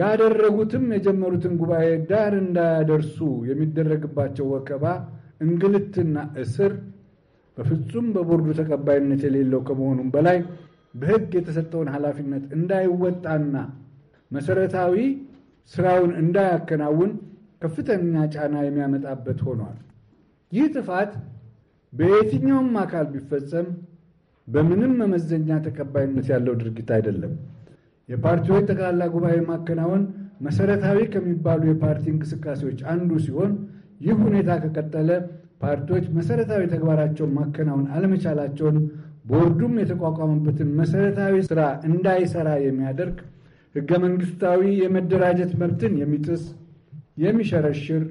ያደረጉትም የጀመሩትን ጉባኤ ዳር እንዳያደርሱ የሚደረግባቸው ወከባ፣ እንግልትና እስር በፍጹም በቦርዱ ተቀባይነት የሌለው ከመሆኑም በላይ በሕግ የተሰጠውን ኃላፊነት እንዳይወጣና መሰረታዊ ስራውን እንዳያከናውን ከፍተኛ ጫና የሚያመጣበት ሆኗል። ይህ ጥፋት በየትኛውም አካል ቢፈጸም በምንም መመዘኛ ተቀባይነት ያለው ድርጊት አይደለም። የፓርቲዎች ጠቅላላ ጉባኤ ማከናወን መሰረታዊ ከሚባሉ የፓርቲ እንቅስቃሴዎች አንዱ ሲሆን ይህ ሁኔታ ከቀጠለ ፓርቲዎች መሰረታዊ ተግባራቸውን ማከናወን አለመቻላቸውን ቦርዱም የተቋቋመበትን መሰረታዊ ስራ እንዳይሰራ የሚያደርግ ህገ መንግስታዊ የመደራጀት መብትን የሚጥስ የሚሸረሽር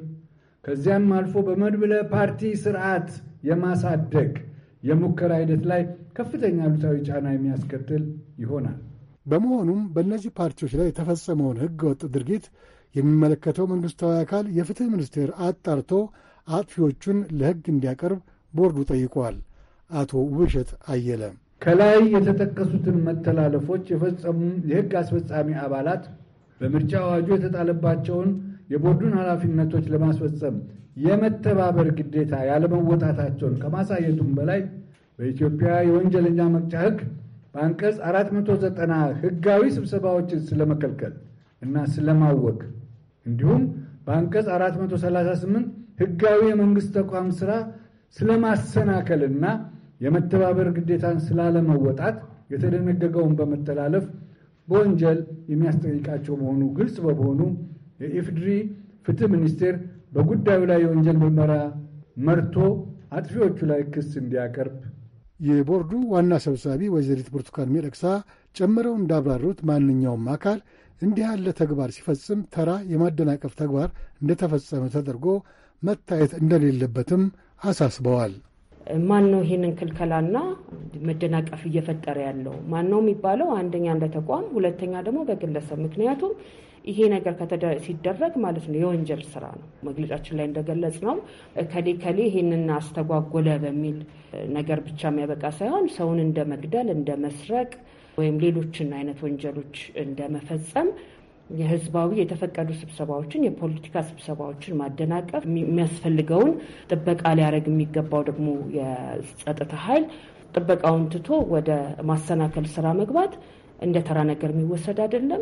ከዚያም አልፎ በመድብለ ፓርቲ ስርዓት የማሳደግ የሙከራ ሂደት ላይ ከፍተኛ አሉታዊ ጫና የሚያስከትል ይሆናል። በመሆኑም በእነዚህ ፓርቲዎች ላይ የተፈጸመውን ህገ ወጥ ድርጊት የሚመለከተው መንግስታዊ አካል የፍትህ ሚኒስቴር አጣርቶ አጥፊዎቹን ለሕግ እንዲያቀርብ ቦርዱ ጠይቋል። አቶ ውብሸት አየለ ከላይ የተጠቀሱትን መተላለፎች የፈጸሙ የሕግ አስፈጻሚ አባላት በምርጫ አዋጁ የተጣለባቸውን የቦርዱን ኃላፊነቶች ለማስፈጸም የመተባበር ግዴታ ያለመወጣታቸውን ከማሳየቱም በላይ በኢትዮጵያ የወንጀለኛ መቅጫ ሕግ በአንቀጽ 490 ሕጋዊ ስብሰባዎችን ስለመከልከል እና ስለማወቅ እንዲሁም በአንቀጽ 438 ህጋዊ የመንግስት ተቋም ስራ ስለማሰናከልና የመተባበር ግዴታን ስላለመወጣት የተደነገገውን በመተላለፍ በወንጀል የሚያስጠይቃቸው መሆኑ ግልጽ በመሆኑ የኢፍድሪ ፍትህ ሚኒስቴር በጉዳዩ ላይ የወንጀል ምርመራ መርቶ አጥፊዎቹ ላይ ክስ እንዲያቀርብ የቦርዱ ዋና ሰብሳቢ ወይዘሪት ብርቱካን ሚደቅሳ ጨምረው እንዳብራሩት ማንኛውም አካል እንዲህ ያለ ተግባር ሲፈጽም ተራ የማደናቀፍ ተግባር እንደተፈጸመ ተደርጎ መታየት እንደሌለበትም አሳስበዋል። ማን ነው ይህንን ክልከላና መደናቀፍ እየፈጠረ ያለው ማን ነው የሚባለው? አንደኛ እንደ ተቋም፣ ሁለተኛ ደግሞ በግለሰብ ምክንያቱም ይሄ ነገር ሲደረግ ማለት ነው የወንጀል ስራ ነው። መግለጫችን ላይ እንደገለጽ ነው ከሌ ከሌ ይህንን አስተጓጎለ በሚል ነገር ብቻ የሚያበቃ ሳይሆን ሰውን እንደ መግደል፣ እንደ መስረቅ ወይም ሌሎችን አይነት ወንጀሎች እንደ መፈጸም የህዝባዊ የተፈቀዱ ስብሰባዎችን፣ የፖለቲካ ስብሰባዎችን ማደናቀፍ የሚያስፈልገውን ጥበቃ ሊያደርግ የሚገባው ደግሞ የጸጥታ ኃይል ጥበቃውን ትቶ ወደ ማሰናከል ስራ መግባት እንደ ተራ ነገር የሚወሰድ አይደለም።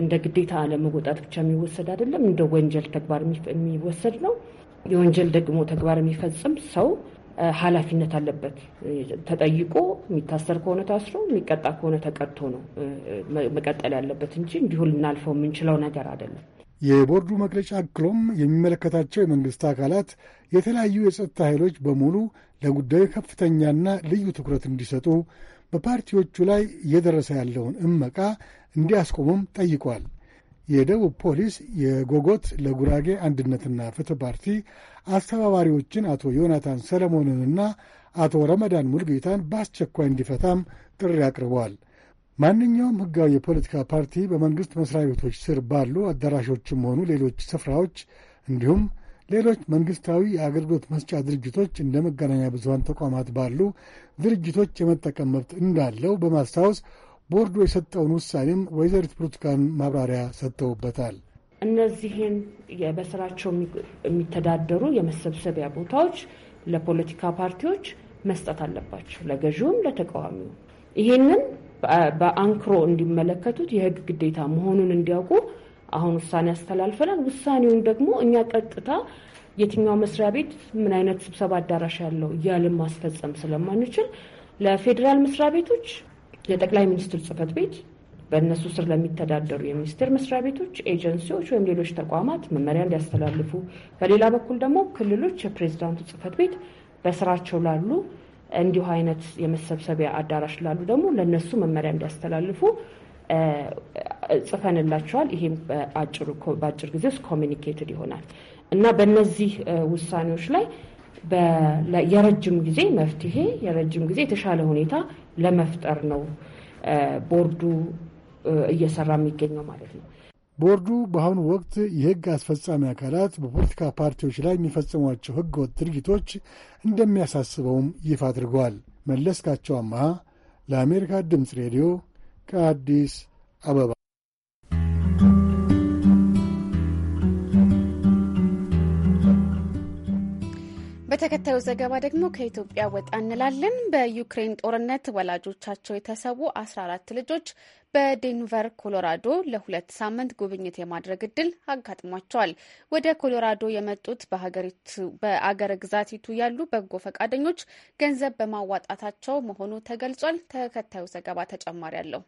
እንደ ግዴታ አለመወጣት ብቻ የሚወሰድ አይደለም። እንደ ወንጀል ተግባር የሚወሰድ ነው። የወንጀል ደግሞ ተግባር የሚፈጽም ሰው ኃላፊነት አለበት። ተጠይቆ የሚታሰር ከሆነ ታስሮ የሚቀጣ ከሆነ ተቀጥቶ ነው መቀጠል ያለበት እንጂ እንዲሁ ልናልፈው የምንችለው ነገር አይደለም። የቦርዱ መግለጫ አክሎም የሚመለከታቸው የመንግስት አካላት የተለያዩ የጸጥታ ኃይሎች በሙሉ ለጉዳዩ ከፍተኛና ልዩ ትኩረት እንዲሰጡ በፓርቲዎቹ ላይ እየደረሰ ያለውን እመቃ እንዲያስቆሙም ጠይቋል። የደቡብ ፖሊስ፣ የጎጎት ለጉራጌ አንድነትና ፍትህ ፓርቲ አስተባባሪዎችን አቶ ዮናታን ሰለሞንንና አቶ ረመዳን ሙልጌታን በአስቸኳይ እንዲፈታም ጥሪ አቅርበዋል። ማንኛውም ሕጋዊ የፖለቲካ ፓርቲ በመንግሥት መሥሪያ ቤቶች ስር ባሉ አዳራሾችም ሆኑ ሌሎች ስፍራዎች እንዲሁም ሌሎች መንግሥታዊ የአገልግሎት መስጫ ድርጅቶች እንደ መገናኛ ብዙሀን ተቋማት ባሉ ድርጅቶች የመጠቀም መብት እንዳለው በማስታወስ ቦርዱ የሰጠውን ውሳኔም ወይዘሪት ብርቱካን ማብራሪያ ሰጥተውበታል። እነዚህን በስራቸው የሚተዳደሩ የመሰብሰቢያ ቦታዎች ለፖለቲካ ፓርቲዎች መስጠት አለባቸው፣ ለገዢውም ለተቃዋሚው። ይህንን በአንክሮ እንዲመለከቱት የህግ ግዴታ መሆኑን እንዲያውቁ አሁን ውሳኔ ያስተላልፈናል። ውሳኔውን ደግሞ እኛ ቀጥታ የትኛው መስሪያ ቤት ምን አይነት ስብሰባ አዳራሽ ያለው እያልን ማስፈጸም ስለማንችል ለፌዴራል መስሪያ ቤቶች፣ ለጠቅላይ ሚኒስትር ጽህፈት ቤት በእነሱ ስር ለሚተዳደሩ የሚኒስቴር መስሪያ ቤቶች፣ ኤጀንሲዎች ወይም ሌሎች ተቋማት መመሪያ እንዲያስተላልፉ፣ በሌላ በኩል ደግሞ ክልሎች የፕሬዚዳንቱ ጽህፈት ቤት በስራቸው ላሉ እንዲሁ አይነት የመሰብሰቢያ አዳራሽ ላሉ ደግሞ ለእነሱ መመሪያ እንዲያስተላልፉ ጽፈንላቸዋል። ይሄም በአጭር ጊዜ ውስጥ ኮሚኒኬትድ ይሆናል እና በእነዚህ ውሳኔዎች ላይ የረጅም ጊዜ መፍትሄ የረጅም ጊዜ የተሻለ ሁኔታ ለመፍጠር ነው ቦርዱ እየሰራ የሚገኘው ማለት ነው። ቦርዱ በአሁኑ ወቅት የህግ አስፈጻሚ አካላት በፖለቲካ ፓርቲዎች ላይ የሚፈጽሟቸው ወጥ ድርጊቶች እንደሚያሳስበውም ይፋ አድርገዋል። መለስካቸው አማሃ ለአሜሪካ ድምፅ ሬዲዮ ከአዲስ አበባ በተከታዩ ዘገባ ደግሞ ከኢትዮጵያ ወጣ እንላለን። በዩክሬን ጦርነት ወላጆቻቸው የተሰዉ 14 ልጆች በዴንቨር ኮሎራዶ ለሁለት ሳምንት ጉብኝት የማድረግ እድል አጋጥሟቸዋል። ወደ ኮሎራዶ የመጡት በአገረ ግዛቲቱ ያሉ በጎ ፈቃደኞች ገንዘብ በማዋጣታቸው መሆኑ ተገልጿል። ተከታዩ ዘገባ ተጨማሪ አለው።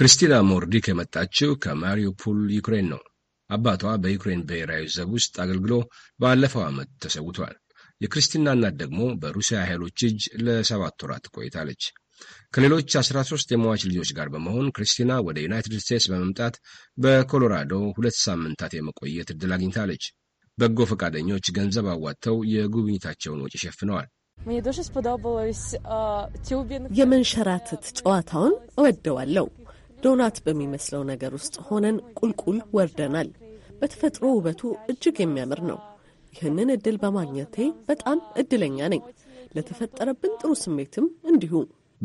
ክርስቲና ሞርዲክ የመጣችው ከማሪውፖል ዩክሬን ነው። አባቷ በዩክሬን ብሔራዊ ዘብ ውስጥ አገልግሎ ባለፈው ዓመት ተሰውቷል። የክርስቲና እናት ደግሞ በሩሲያ ኃይሎች እጅ ለሰባት ወራት ቆይታለች። ከሌሎች 13 የሟች ልጆች ጋር በመሆን ክርስቲና ወደ ዩናይትድ ስቴትስ በመምጣት በኮሎራዶ ሁለት ሳምንታት የመቆየት ዕድል አግኝታለች። በጎ ፈቃደኞች ገንዘብ አዋጥተው የጉብኝታቸውን ወጪ ሸፍነዋል። የመንሸራተት ጨዋታውን እወደዋለሁ። ዶናት በሚመስለው ነገር ውስጥ ሆነን ቁልቁል ወርደናል። በተፈጥሮ ውበቱ እጅግ የሚያምር ነው። ይህንን እድል በማግኘቴ በጣም እድለኛ ነኝ። ለተፈጠረብን ጥሩ ስሜትም እንዲሁ።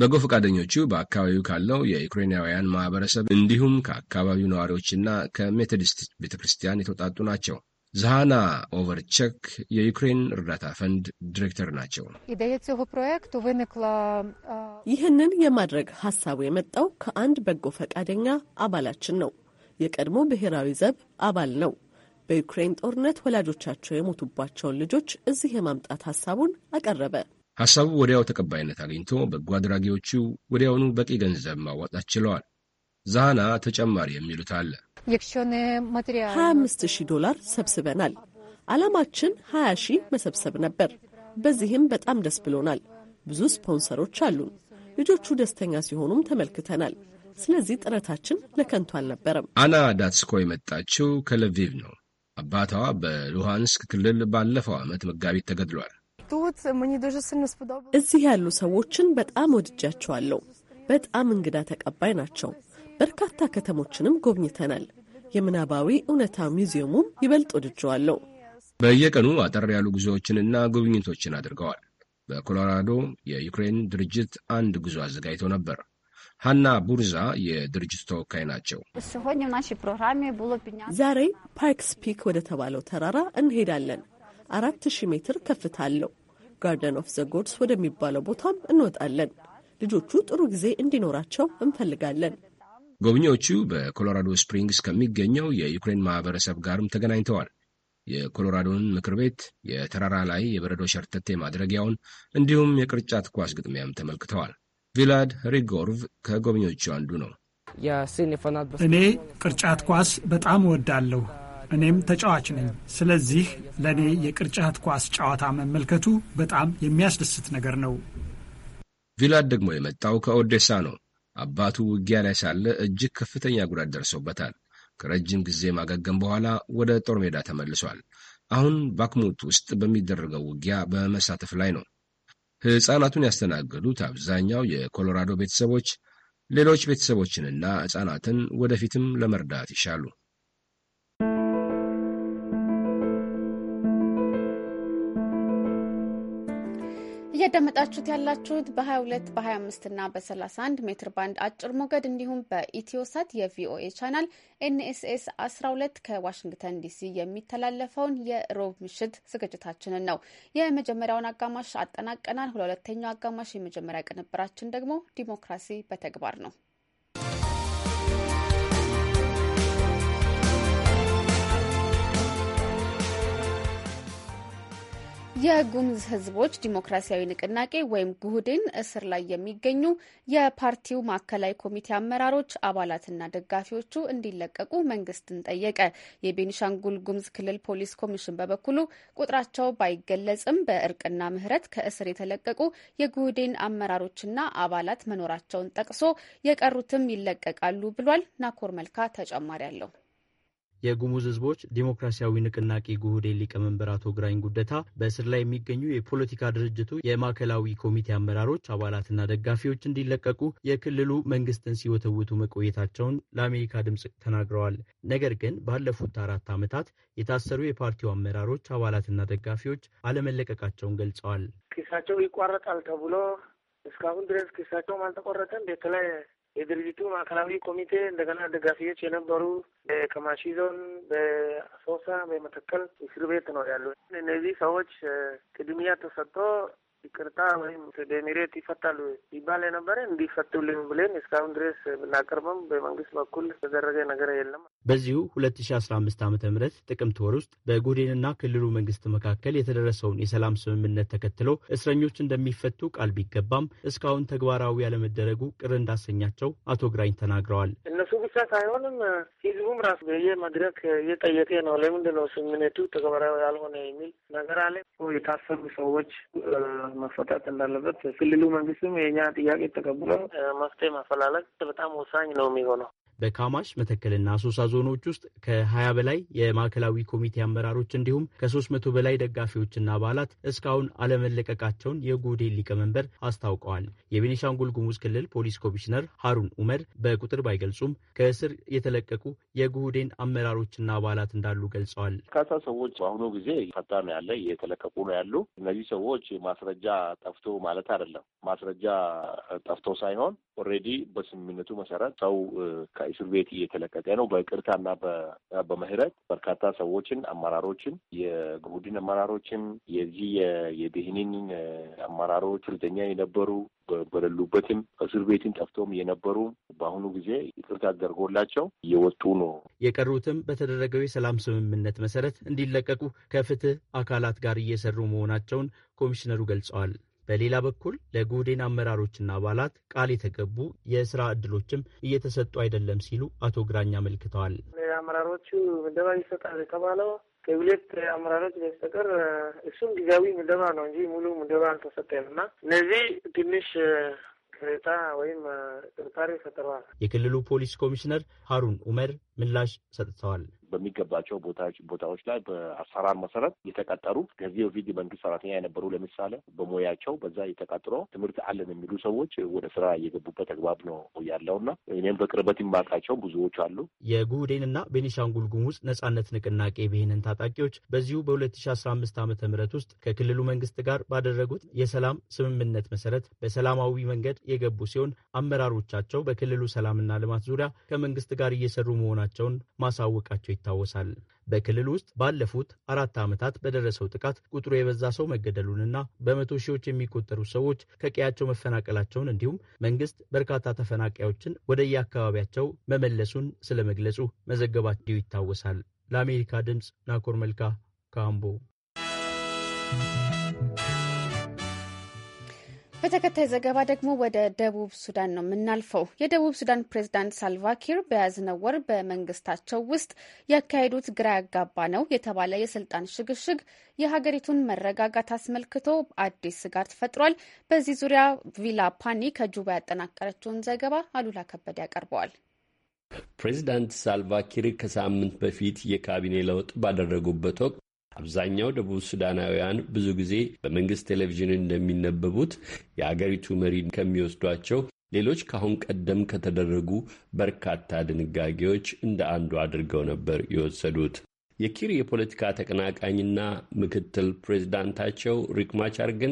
በጎ ፈቃደኞቹ በአካባቢው ካለው የዩክሬናውያን ማህበረሰብ እንዲሁም ከአካባቢው ነዋሪዎችና ከሜቶዲስት ቤተ ክርስቲያን የተውጣጡ ናቸው። ዛሃና ኦቨርቸክ የዩክሬን እርዳታ ፈንድ ዲሬክተር ናቸው። ይህንን የማድረግ ሀሳቡ የመጣው ከአንድ በጎ ፈቃደኛ አባላችን ነው። የቀድሞ ብሔራዊ ዘብ አባል ነው። በዩክሬን ጦርነት ወላጆቻቸው የሞቱባቸውን ልጆች እዚህ የማምጣት ሀሳቡን አቀረበ። ሀሳቡ ወዲያው ተቀባይነት አግኝቶ በጎ አድራጊዎቹ ወዲያውኑ በቂ ገንዘብ ማዋጣት ችለዋል። ዛሃና ተጨማሪ የሚሉት አለ 25 ሺህ ዶላር ሰብስበናል። አላማችን 20 ሺ መሰብሰብ ነበር። በዚህም በጣም ደስ ብሎናል። ብዙ ስፖንሰሮች አሉን። ልጆቹ ደስተኛ ሲሆኑም ተመልክተናል። ስለዚህ ጥረታችን ለከንቱ አልነበረም። አና ዳትስኮ የመጣችው ከለቪቭ ነው። አባቷ በሉሃንስክ ክልል ባለፈው ዓመት መጋቢት ተገድሏል። እዚህ ያሉ ሰዎችን በጣም ወድጃቸዋለሁ። በጣም እንግዳ ተቀባይ ናቸው። በርካታ ከተሞችንም ጎብኝተናል። የምናባዊ እውነታ ሙዚየሙም ይበልጥ ወድጀዋለሁ። በየቀኑ አጠር ያሉ ጉዞዎችንና ጉብኝቶችን አድርገዋል። በኮሎራዶ የዩክሬን ድርጅት አንድ ጉዞ አዘጋጅቶ ነበር። ሀና ቡርዛ የድርጅቱ ተወካይ ናቸው። ዛሬ ፓይክስ ፒክ ወደ ተባለው ተራራ እንሄዳለን። አራት ሺህ ሜትር ከፍታ አለው። ጋርደን ኦፍ ዘ ጎድስ ወደሚባለው ቦታም እንወጣለን። ልጆቹ ጥሩ ጊዜ እንዲኖራቸው እንፈልጋለን። ጎብኚዎቹ በኮሎራዶ ስፕሪንግስ ከሚገኘው የዩክሬን ማህበረሰብ ጋርም ተገናኝተዋል። የኮሎራዶን ምክር ቤት፣ የተራራ ላይ የበረዶ ሸርተቴ ማድረጊያውን እንዲሁም የቅርጫት ኳስ ግጥሚያም ተመልክተዋል። ቪላድ ሪጎርቭ ከጎብኚዎቹ አንዱ ነው። እኔ ቅርጫት ኳስ በጣም እወዳለሁ። እኔም ተጫዋች ነኝ። ስለዚህ ለእኔ የቅርጫት ኳስ ጨዋታ መመልከቱ በጣም የሚያስደስት ነገር ነው። ቪላድ ደግሞ የመጣው ከኦዴሳ ነው። አባቱ ውጊያ ላይ ሳለ እጅግ ከፍተኛ ጉዳት ደርሶበታል። ከረጅም ጊዜ ማገገም በኋላ ወደ ጦር ሜዳ ተመልሷል። አሁን ባክሙት ውስጥ በሚደረገው ውጊያ በመሳተፍ ላይ ነው። ሕፃናቱን ያስተናገዱት አብዛኛው የኮሎራዶ ቤተሰቦች ሌሎች ቤተሰቦችንና ሕፃናትን ወደፊትም ለመርዳት ይሻሉ። እያዳመጣችሁት ያላችሁት በ22 በ25 እና በ31 ሜትር ባንድ አጭር ሞገድ እንዲሁም በኢትዮሳት የቪኦኤ ቻናል ኤንኤስኤስ 12 ከዋሽንግተን ዲሲ የሚተላለፈውን የሮብ ምሽት ዝግጅታችንን ነው። የመጀመሪያውን አጋማሽ አጠናቀናል። ሁለተኛው አጋማሽ የመጀመሪያ ቅንብራችን ደግሞ ዲሞክራሲ በተግባር ነው። የጉምዝ ህዝቦች ዲሞክራሲያዊ ንቅናቄ ወይም ጉህዴን እስር ላይ የሚገኙ የፓርቲው ማዕከላዊ ኮሚቴ አመራሮች፣ አባላትና ደጋፊዎቹ እንዲለቀቁ መንግስትን ጠየቀ። የቤኒሻንጉል ጉሙዝ ክልል ፖሊስ ኮሚሽን በበኩሉ ቁጥራቸው ባይገለጽም በእርቅና ምህረት ከእስር የተለቀቁ የጉህዴን አመራሮችና አባላት መኖራቸውን ጠቅሶ የቀሩትም ይለቀቃሉ ብሏል። ናኮር መልካ ተጨማሪ አለው። የጉሙዝ ህዝቦች ዲሞክራሲያዊ ንቅናቄ ጉህዴን ሊቀመንበር አቶ ግራኝ ጉደታ በእስር ላይ የሚገኙ የፖለቲካ ድርጅቱ የማዕከላዊ ኮሚቴ አመራሮች አባላትና ደጋፊዎች እንዲለቀቁ የክልሉ መንግስትን ሲወተውቱ መቆየታቸውን ለአሜሪካ ድምፅ ተናግረዋል። ነገር ግን ባለፉት አራት ዓመታት የታሰሩ የፓርቲው አመራሮች አባላትና ደጋፊዎች አለመለቀቃቸውን ገልጸዋል። ክሳቸው ይቋረጣል ተብሎ እስካሁን ድረስ ክሳቸውም አልተቆረጠም። የድርጅቱ ማዕከላዊ ኮሚቴ እንደገና ደጋፊዎች የነበሩ በከማሺ ዞን፣ በሶሳ፣ በመተከል እስር ቤት ነው ያሉ። እነዚህ ሰዎች ቅድሚያ ተሰጥቶ ይቅርታ ወይም ደሚሬት ይፈታሉ ይባል የነበረ እንዲፈቱልን ብለን እስካሁን ድረስ ብናቀርበም በመንግስት በኩል ተደረገ ነገር የለም። በዚሁ ሁለት ሺ አስራ አምስት ጥቅምት ወር ውስጥ በጉዴንና ክልሉ መንግስት መካከል የተደረሰውን የሰላም ስምምነት ተከትሎ እስረኞች እንደሚፈቱ ቃል ቢገባም እስካሁን ተግባራዊ ያለመደረጉ ቅር እንዳሰኛቸው አቶ ግራኝ ተናግረዋል። እነሱ ብቻ ሳይሆንም ህዝቡም ራሱ በየመድረክ እየጠየቀ ነው። ለምንድነው ስምምነቱ ተግባራዊ ያልሆነ የሚል ነገር አለ። የታሰሩ ሰዎች መፈታት እንዳለበት ክልሉ መንግስትም የእኛ ጥያቄ ተቀብሎ መፍትሄ ማፈላለግ በጣም ወሳኝ ነው የሚሆነው። በካማሽ መተከልና ሶሳ ዞኖች ውስጥ ከ20 በላይ የማዕከላዊ ኮሚቴ አመራሮች እንዲሁም ከ300 በላይ ደጋፊዎችና አባላት እስካሁን አለመለቀቃቸውን የጉዴ ሊቀመንበር አስታውቀዋል። የቤኒሻንጉል ጉሙዝ ክልል ፖሊስ ኮሚሽነር ሀሩን ኡመር በቁጥር ባይገልጹም ከእስር የተለቀቁ የጉዴን አመራሮችና አባላት እንዳሉ ገልጸዋል። በርካታ ሰዎች በአሁኑ ጊዜ ፈታ ነው ያለ እየተለቀቁ ነው ያሉ። እነዚህ ሰዎች ማስረጃ ጠፍቶ ማለት አይደለም። ማስረጃ ጠፍቶ ሳይሆን ኦሬዲ በስምምነቱ መሰረት ሰው ከእስር ቤት እየተለቀቀ ነው። በቅርታና በምህረት በርካታ ሰዎችን፣ አመራሮችን፣ የጉድን አመራሮችን የዚህ የብሄንን አመራሮች ሁለተኛ የነበሩ በሌሉበትም እስር ቤትን ጠፍቶም የነበሩ በአሁኑ ጊዜ ይቅርታ አደርጎላቸው እየወጡ ነው። የቀሩትም በተደረገው የሰላም ስምምነት መሰረት እንዲለቀቁ ከፍትህ አካላት ጋር እየሰሩ መሆናቸውን ኮሚሽነሩ ገልጸዋል። በሌላ በኩል ለጉዴን አመራሮችና አባላት ቃል የተገቡ የስራ እድሎችም እየተሰጡ አይደለም ሲሉ አቶ ግራኝ አመልክተዋል። አመራሮቹ ምደባ ይሰጣል የተባለው ከሁለት አመራሮች በስተቀር እሱም ጊዜያዊ ምደባ ነው እንጂ ሙሉ ምደባ አልተሰጠም እና እነዚህ ትንሽ ቅሬታ ወይም ጥርጣሬ ፈጥረዋል። የክልሉ ፖሊስ ኮሚሽነር ሀሩን ኡመር ምላሽ ሰጥተዋል። በሚገባቸው ቦታዎች ላይ በአሰራር መሰረት የተቀጠሩ ከዚህ በፊት መንግስት ሰራተኛ የነበሩ ለምሳሌ በሙያቸው በዛ የተቀጥሮ ትምህርት አለን የሚሉ ሰዎች ወደ ስራ እየገቡበት አግባብ ነው ያለውና እኔም በቅርበት የማውቃቸው ብዙዎች አሉ። የጉህዴንና ቤኒሻንጉል ጉሙዝ ነጻነት ንቅናቄ ብሄንን ታጣቂዎች በዚሁ በ2015 ዓ ም ውስጥ ከክልሉ መንግስት ጋር ባደረጉት የሰላም ስምምነት መሰረት በሰላማዊ መንገድ የገቡ ሲሆን አመራሮቻቸው በክልሉ ሰላምና ልማት ዙሪያ ከመንግስት ጋር እየሰሩ መሆናቸውን ማሳወቃቸው ይታወሳል። በክልል ውስጥ ባለፉት አራት ዓመታት በደረሰው ጥቃት ቁጥሩ የበዛ ሰው መገደሉንና በመቶ ሺዎች የሚቆጠሩ ሰዎች ከቀያቸው መፈናቀላቸውን እንዲሁም መንግስት በርካታ ተፈናቃዮችን ወደየአካባቢያቸው መመለሱን ስለመግለጹ መዘገባቸው ይታወሳል። ለአሜሪካ ድምፅ ናኮር መልካ ካምቦ በተከታይ ዘገባ ደግሞ ወደ ደቡብ ሱዳን ነው የምናልፈው። የደቡብ ሱዳን ፕሬዝዳንት ሳልቫኪር በያዝነው ወር በመንግስታቸው ውስጥ ያካሄዱት ግራ ያጋባ ነው የተባለ የስልጣን ሽግሽግ የሀገሪቱን መረጋጋት አስመልክቶ አዲስ ስጋት ፈጥሯል። በዚህ ዙሪያ ቪላ ፓኒ ከጁባ ያጠናቀረችውን ዘገባ አሉላ ከበደ ያቀርበዋል። ፕሬዚዳንት ሳልቫኪር ከሳምንት በፊት የካቢኔ ለውጥ ባደረጉበት ወቅት አብዛኛው ደቡብ ሱዳናውያን ብዙ ጊዜ በመንግስት ቴሌቪዥን እንደሚነበቡት የአገሪቱ መሪ ከሚወስዷቸው ሌሎች ከአሁን ቀደም ከተደረጉ በርካታ ድንጋጌዎች እንደ አንዱ አድርገው ነበር የወሰዱት። የኪር የፖለቲካ ተቀናቃኝና ምክትል ፕሬዚዳንታቸው ሪክ ማቻር ግን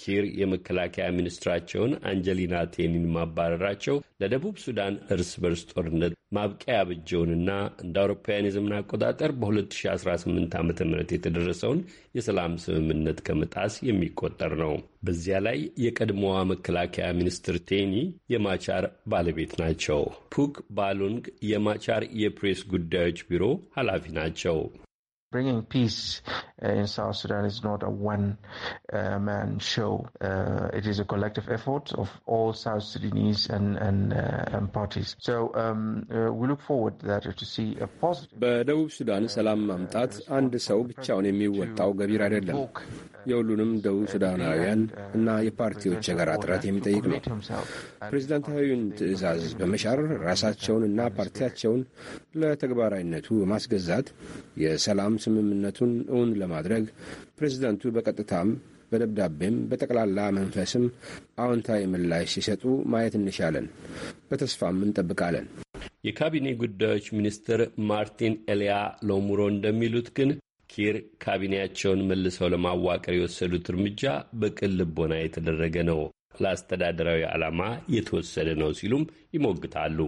ኪር የመከላከያ ሚኒስትራቸውን አንጀሊና ቴኒን ማባረራቸው ለደቡብ ሱዳን እርስ በርስ ጦርነት ማብቂያ ያበጀውንና እንደ አውሮፓውያን የዘመን አቆጣጠር በ2018 ዓ ም የተደረሰውን የሰላም ስምምነት ከመጣስ የሚቆጠር ነው። በዚያ ላይ የቀድሞዋ መከላከያ ሚኒስትር ቴኒ የማቻር ባለቤት ናቸው። ፑክ ባሉንግ የማቻር የፕሬስ ጉዳዮች ቢሮ ኃላፊ ናቸው። bringing peace in South Sudan is not a one man show. it is a collective effort of all South Sudanese and, and, and parties. So um, we look forward that to see a positive. በደቡብ ሱዳን ሰላም ማምጣት አንድ ሰው ብቻውን የሚወጣው ገቢር አይደለም። የሁሉንም ደቡብ ሱዳናውያን እና የፓርቲዎች የጋራ ጥረት የሚጠይቅ ነው። ፕሬዚዳንታዊውን ትዕዛዝ በመሻር ራሳቸውን እና ፓርቲያቸውን ለተግባራዊነቱ በማስገዛት የሰላም ስምምነቱን እውን ለማ ለማድረግ ፕሬዚዳንቱ በቀጥታም በደብዳቤም በጠቅላላ መንፈስም አዎንታዊ ምላሽ ሲሰጡ ማየት እንሻለን። በተስፋም እንጠብቃለን። የካቢኔ ጉዳዮች ሚኒስትር ማርቲን ኤልያ ሎሙሮ እንደሚሉት ግን ኪር ካቢኔያቸውን መልሰው ለማዋቀር የወሰዱት እርምጃ በቅን ልቦና የተደረገ ነው፣ ለአስተዳደራዊ ዓላማ የተወሰደ ነው ሲሉም ይሞግታሉ።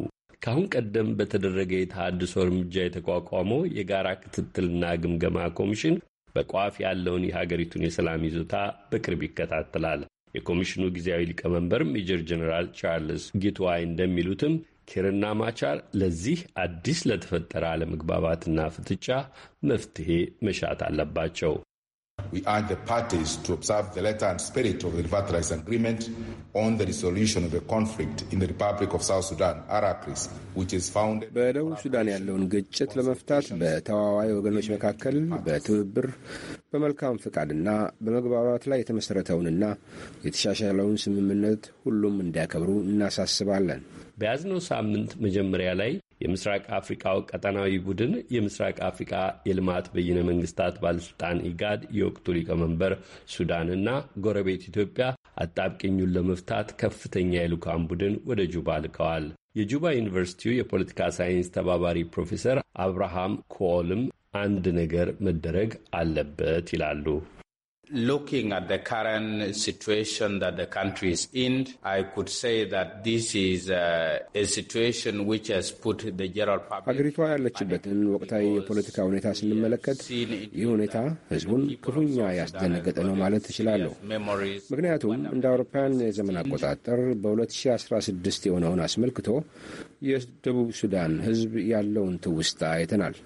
ከአሁን ቀደም በተደረገ የተሃድሶ እርምጃ የተቋቋመው የጋራ ክትትልና ግምገማ ኮሚሽን በቋፍ ያለውን የሀገሪቱን የሰላም ይዞታ በቅርብ ይከታተላል። የኮሚሽኑ ጊዜያዊ ሊቀመንበር ሜጀር ጀኔራል ቻርልስ ጊትዋይ እንደሚሉትም ኪርና ማቻር ለዚህ አዲስ ለተፈጠረ አለመግባባትና ፍጥጫ መፍትሄ መሻት አለባቸው። We urge the parties to observe the letter and spirit of the revitalized agreement on the resolution of the conflict in the Republic of South Sudan, Arakris, which is founded በደቡብ ሱዳን ያለውን ግጭት ለመፍታት በተዋዋይ ወገኖች መካከል በትብብር በመልካም ፈቃድና በመግባባት ላይ የተመሠረተውንና የተሻሻለውን ስምምነት ሁሉም እንዲያከብሩ እናሳስባለን። በያዝነው ሳምንት መጀመሪያ ላይ የምስራቅ አፍሪካው ቀጠናዊ ቡድን የምስራቅ አፍሪካ የልማት በይነ መንግስታት ባለስልጣን ኢጋድ የወቅቱ ሊቀመንበር ሱዳንና ጎረቤት ኢትዮጵያ አጣብቅኙን ለመፍታት ከፍተኛ የልዑካን ቡድን ወደ ጁባ ልከዋል። የጁባ ዩኒቨርሲቲው የፖለቲካ ሳይንስ ተባባሪ ፕሮፌሰር አብርሃም ኮልም አንድ ነገር መደረግ አለበት ይላሉ። Looking at the current situation that the country is in, I could say that this is a, uh, a situation which has put the general public. ሀገሪቷ ያለችበትን ወቅታዊ የፖለቲካ ሁኔታ ስንመለከት ይህ ሁኔታ ህዝቡን ክፉኛ ያስደነገጠ ነው ማለት እችላለሁ። ምክንያቱም እንደ አውሮፓውያን የዘመን አቆጣጠር በ2016 የሆነውን አስመልክቶ የደቡብ ሱዳን ህዝብ ያለውን ትውስታ አይተናል።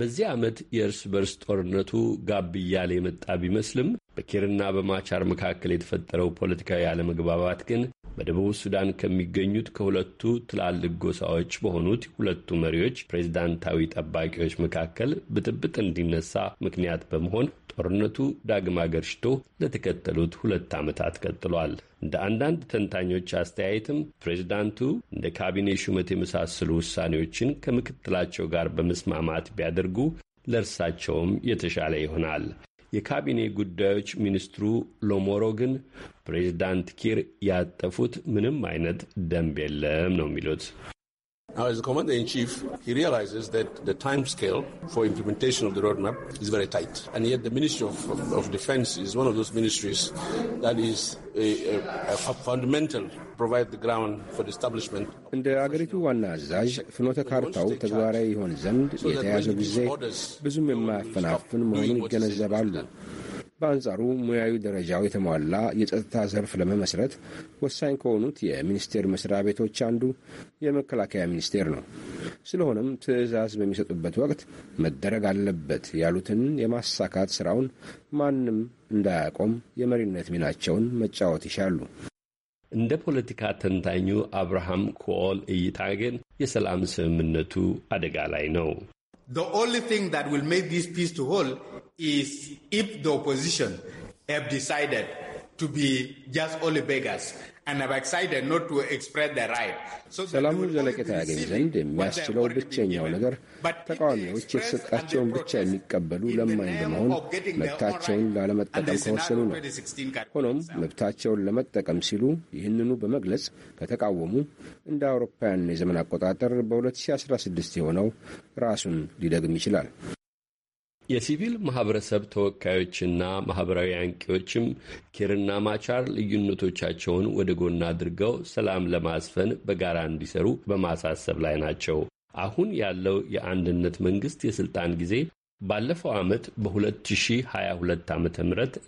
በዚህ ዓመት የእርስ በርስ ጦርነቱ ጋብ እያለ የመጣ ቢመስልም በኪርና በማቻር መካከል የተፈጠረው ፖለቲካዊ አለመግባባት ግን በደቡብ ሱዳን ከሚገኙት ከሁለቱ ትላልቅ ጎሳዎች በሆኑት ሁለቱ መሪዎች ፕሬዝዳንታዊ ጠባቂዎች መካከል ብጥብጥ እንዲነሳ ምክንያት በመሆን ጦርነቱ ዳግም አገርሽቶ ለተከተሉት ሁለት ዓመታት ቀጥሏል። እንደ አንዳንድ ተንታኞች አስተያየትም ፕሬዚዳንቱ እንደ ካቢኔ ሹመት የመሳሰሉ ውሳኔዎችን ከምክትላቸው ጋር በመስማማት ቢያደርጉ ለእርሳቸውም የተሻለ ይሆናል። የካቢኔ ጉዳዮች ሚኒስትሩ ሎሞሮ ግን ፕሬዚዳንት ኪር ያጠፉት ምንም አይነት ደንብ የለም ነው የሚሉት። Now, as the commander in chief, he realizes that the time scale for implementation of the roadmap is very tight. And yet, the Ministry of, of, of Defense is one of those ministries that is a, a, a fundamental እንደ አገሪቱ ዋና አዛዥ ፍኖተ ካርታው ተግባራዊ ይሆን ዘንድ የተያዘው ጊዜ ብዙም የማያፈናፍን መሆኑን ይገነዘባሉ። በአንጻሩ ሙያዊ ደረጃው የተሟላ የጸጥታ ዘርፍ ለመመስረት ወሳኝ ከሆኑት የሚኒስቴር መስሪያ ቤቶች አንዱ የመከላከያ ሚኒስቴር ነው። ስለሆነም ትዕዛዝ በሚሰጡበት ወቅት መደረግ አለበት ያሉትን የማሳካት ስራውን ማንም እንዳያቆም የመሪነት ሚናቸውን መጫወት ይሻሉ። እንደ ፖለቲካ ተንታኙ አብርሃም ኮል እይታ ግን የሰላም ስምምነቱ አደጋ ላይ ነው። The only thing that will make this peace to hold is if the opposition have decided ሰላሙ ዘለቄታ ያገኝ ዘንድ የሚያስችለው ብቸኛው ነገር ተቃዋሚዎች የተሰጣቸውን ብቻ የሚቀበሉ ለማኝ በመሆን መብታቸውን ላለመጠቀም ከወሰኑ ነው። ሆኖም መብታቸውን ለመጠቀም ሲሉ ይህንኑ በመግለጽ ከተቃወሙ እንደ አውሮፓውያን የዘመን አቆጣጠር በ2016 የሆነው ራሱን ሊደግም ይችላል። የሲቪል ማህበረሰብ ተወካዮችና ማህበራዊ አንቂዎችም ኬርና ማቻር ልዩነቶቻቸውን ወደ ጎን አድርገው ሰላም ለማስፈን በጋራ እንዲሰሩ በማሳሰብ ላይ ናቸው። አሁን ያለው የአንድነት መንግስት የስልጣን ጊዜ ባለፈው ዓመት በ2022 ዓ ም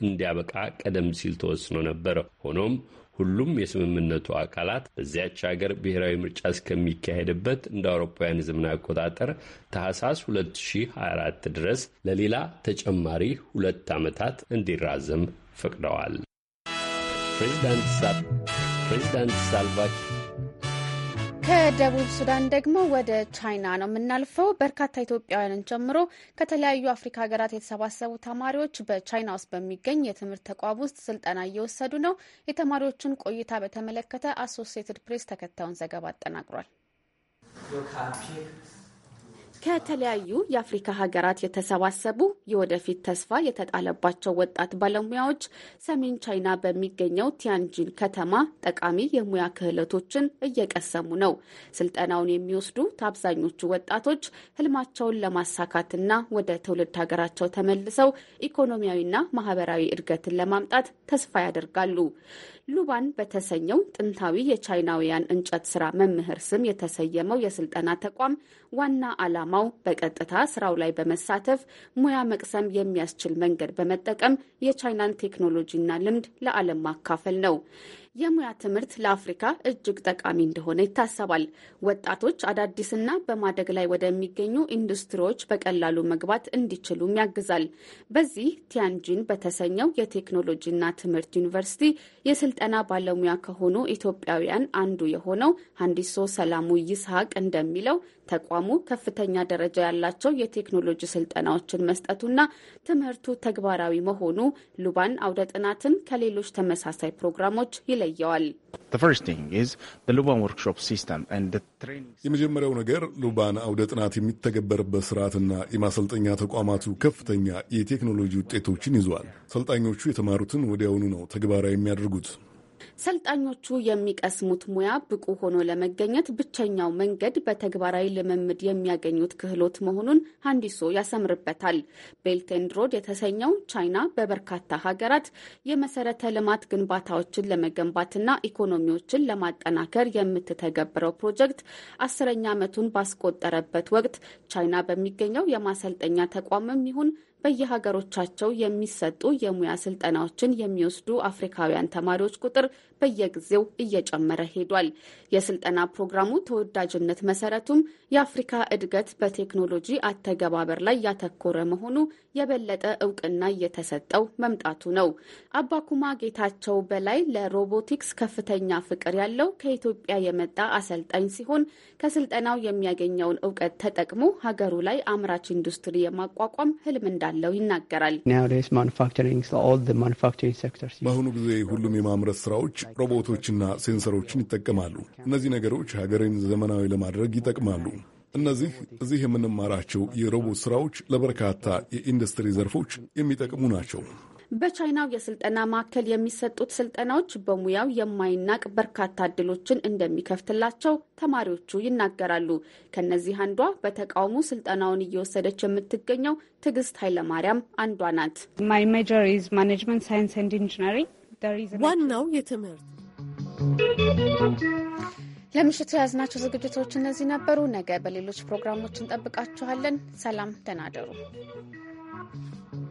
እንዲያበቃ ቀደም ሲል ተወስኖ ነበር። ሆኖም ሁሉም የስምምነቱ አካላት በዚያች ሀገር ብሔራዊ ምርጫ እስከሚካሄድበት እንደ አውሮፓውያን የዘመን አቆጣጠር ታህሳስ 2024 ድረስ ለሌላ ተጨማሪ ሁለት ዓመታት እንዲራዘም ፈቅደዋል። ፕሬዚዳንት ሳልቫኪር ከደቡብ ሱዳን ደግሞ ወደ ቻይና ነው የምናልፈው። በርካታ ኢትዮጵያውያንን ጨምሮ ከተለያዩ አፍሪካ ሀገራት የተሰባሰቡ ተማሪዎች በቻይና ውስጥ በሚገኝ የትምህርት ተቋም ውስጥ ስልጠና እየወሰዱ ነው። የተማሪዎችን ቆይታ በተመለከተ አሶሲየትድ ፕሬስ ተከታዩን ዘገባ አጠናቅሯል። ከተለያዩ የአፍሪካ ሀገራት የተሰባሰቡ የወደፊት ተስፋ የተጣለባቸው ወጣት ባለሙያዎች ሰሜን ቻይና በሚገኘው ቲያንጂን ከተማ ጠቃሚ የሙያ ክህሎቶችን እየቀሰሙ ነው። ስልጠናውን የሚወስዱት አብዛኞቹ ወጣቶች ህልማቸውን ለማሳካትና ወደ ትውልድ ሀገራቸው ተመልሰው ኢኮኖሚያዊና ማህበራዊ እድገትን ለማምጣት ተስፋ ያደርጋሉ። ሉባን በተሰኘው ጥንታዊ የቻይናውያን እንጨት ስራ መምህር ስም የተሰየመው የስልጠና ተቋም ዋና ዓላማው በቀጥታ ስራው ላይ በመሳተፍ ሙያ መቅሰም የሚያስችል መንገድ በመጠቀም የቻይናን ቴክኖሎጂና ልምድ ለዓለም ማካፈል ነው። የሙያ ትምህርት ለአፍሪካ እጅግ ጠቃሚ እንደሆነ ይታሰባል። ወጣቶች አዳዲስና በማደግ ላይ ወደሚገኙ ኢንዱስትሪዎች በቀላሉ መግባት እንዲችሉም ያግዛል። በዚህ ቲያንጂን በተሰኘው የቴክኖሎጂና ትምህርት ዩኒቨርሲቲ የስልጠና ባለሙያ ከሆኑ ኢትዮጵያውያን አንዱ የሆነው ሀንዲሶ ሰላሙ ይስሐቅ እንደሚለው ተቋሙ ከፍተኛ ደረጃ ያላቸው የቴክኖሎጂ ስልጠናዎችን መስጠቱና ትምህርቱ ተግባራዊ መሆኑ ሉባን አውደ ጥናትን ከሌሎች ተመሳሳይ ፕሮግራሞች ይለየዋል። የመጀመሪያው ነገር ሉባን አውደ ጥናት የሚተገበርበት ስርዓትና የማሰልጠኛ ተቋማቱ ከፍተኛ የቴክኖሎጂ ውጤቶችን ይዘዋል። ሰልጣኞቹ የተማሩትን ወዲያውኑ ነው ተግባራዊ የሚያደርጉት። ሰልጣኞቹ የሚቀስሙት ሙያ ብቁ ሆኖ ለመገኘት ብቸኛው መንገድ በተግባራዊ ልምምድ የሚያገኙት ክህሎት መሆኑን ሀንዲሶ ያሰምርበታል። ቤልቴንድሮድ የተሰኘው ቻይና በበርካታ ሀገራት የመሰረተ ልማት ግንባታዎችን ለመገንባትና ኢኮኖሚዎችን ለማጠናከር የምትተገብረው ፕሮጀክት አስረኛ ዓመቱን ባስቆጠረበት ወቅት ቻይና በሚገኘው የማሰልጠኛ ተቋምም ይሁን በየሀገሮቻቸው የሚሰጡ የሙያ ስልጠናዎችን የሚወስዱ አፍሪካውያን ተማሪዎች ቁጥር በየጊዜው እየጨመረ ሄዷል። የስልጠና ፕሮግራሙ ተወዳጅነት መሰረቱም የአፍሪካ እድገት በቴክኖሎጂ አተገባበር ላይ ያተኮረ መሆኑ የበለጠ እውቅና እየተሰጠው መምጣቱ ነው። አባኩማ ጌታቸው በላይ ለሮቦቲክስ ከፍተኛ ፍቅር ያለው ከኢትዮጵያ የመጣ አሰልጣኝ ሲሆን ከስልጠናው የሚያገኘውን እውቀት ተጠቅሞ ሀገሩ ላይ አምራች ኢንዱስትሪ የማቋቋም ህልም እንዳለው ይናገራል። በአሁኑ ጊዜ ሁሉም የማምረት ስራዎች ሮቦቶችና ሴንሰሮችን ይጠቀማሉ። እነዚህ ነገሮች ሀገሬን ዘመናዊ ለማድረግ ይጠቅማሉ። እነዚህ እዚህ የምንማራቸው የሮቦት ስራዎች ለበርካታ የኢንዱስትሪ ዘርፎች የሚጠቅሙ ናቸው። በቻይናው የስልጠና ማዕከል የሚሰጡት ስልጠናዎች በሙያው የማይናቅ በርካታ እድሎችን እንደሚከፍትላቸው ተማሪዎቹ ይናገራሉ። ከነዚህ አንዷ በተቃውሞ ስልጠናውን እየወሰደች የምትገኘው ትዕግስት ኃይለማርያም አንዷ ናት። ዋናው የትምህርት ለምሽቱ የያዝናቸው ዝግጅቶች እነዚህ ነበሩ። ነገ በሌሎች ፕሮግራሞች እንጠብቃችኋለን። ሰላም፣ ደህና ደሩ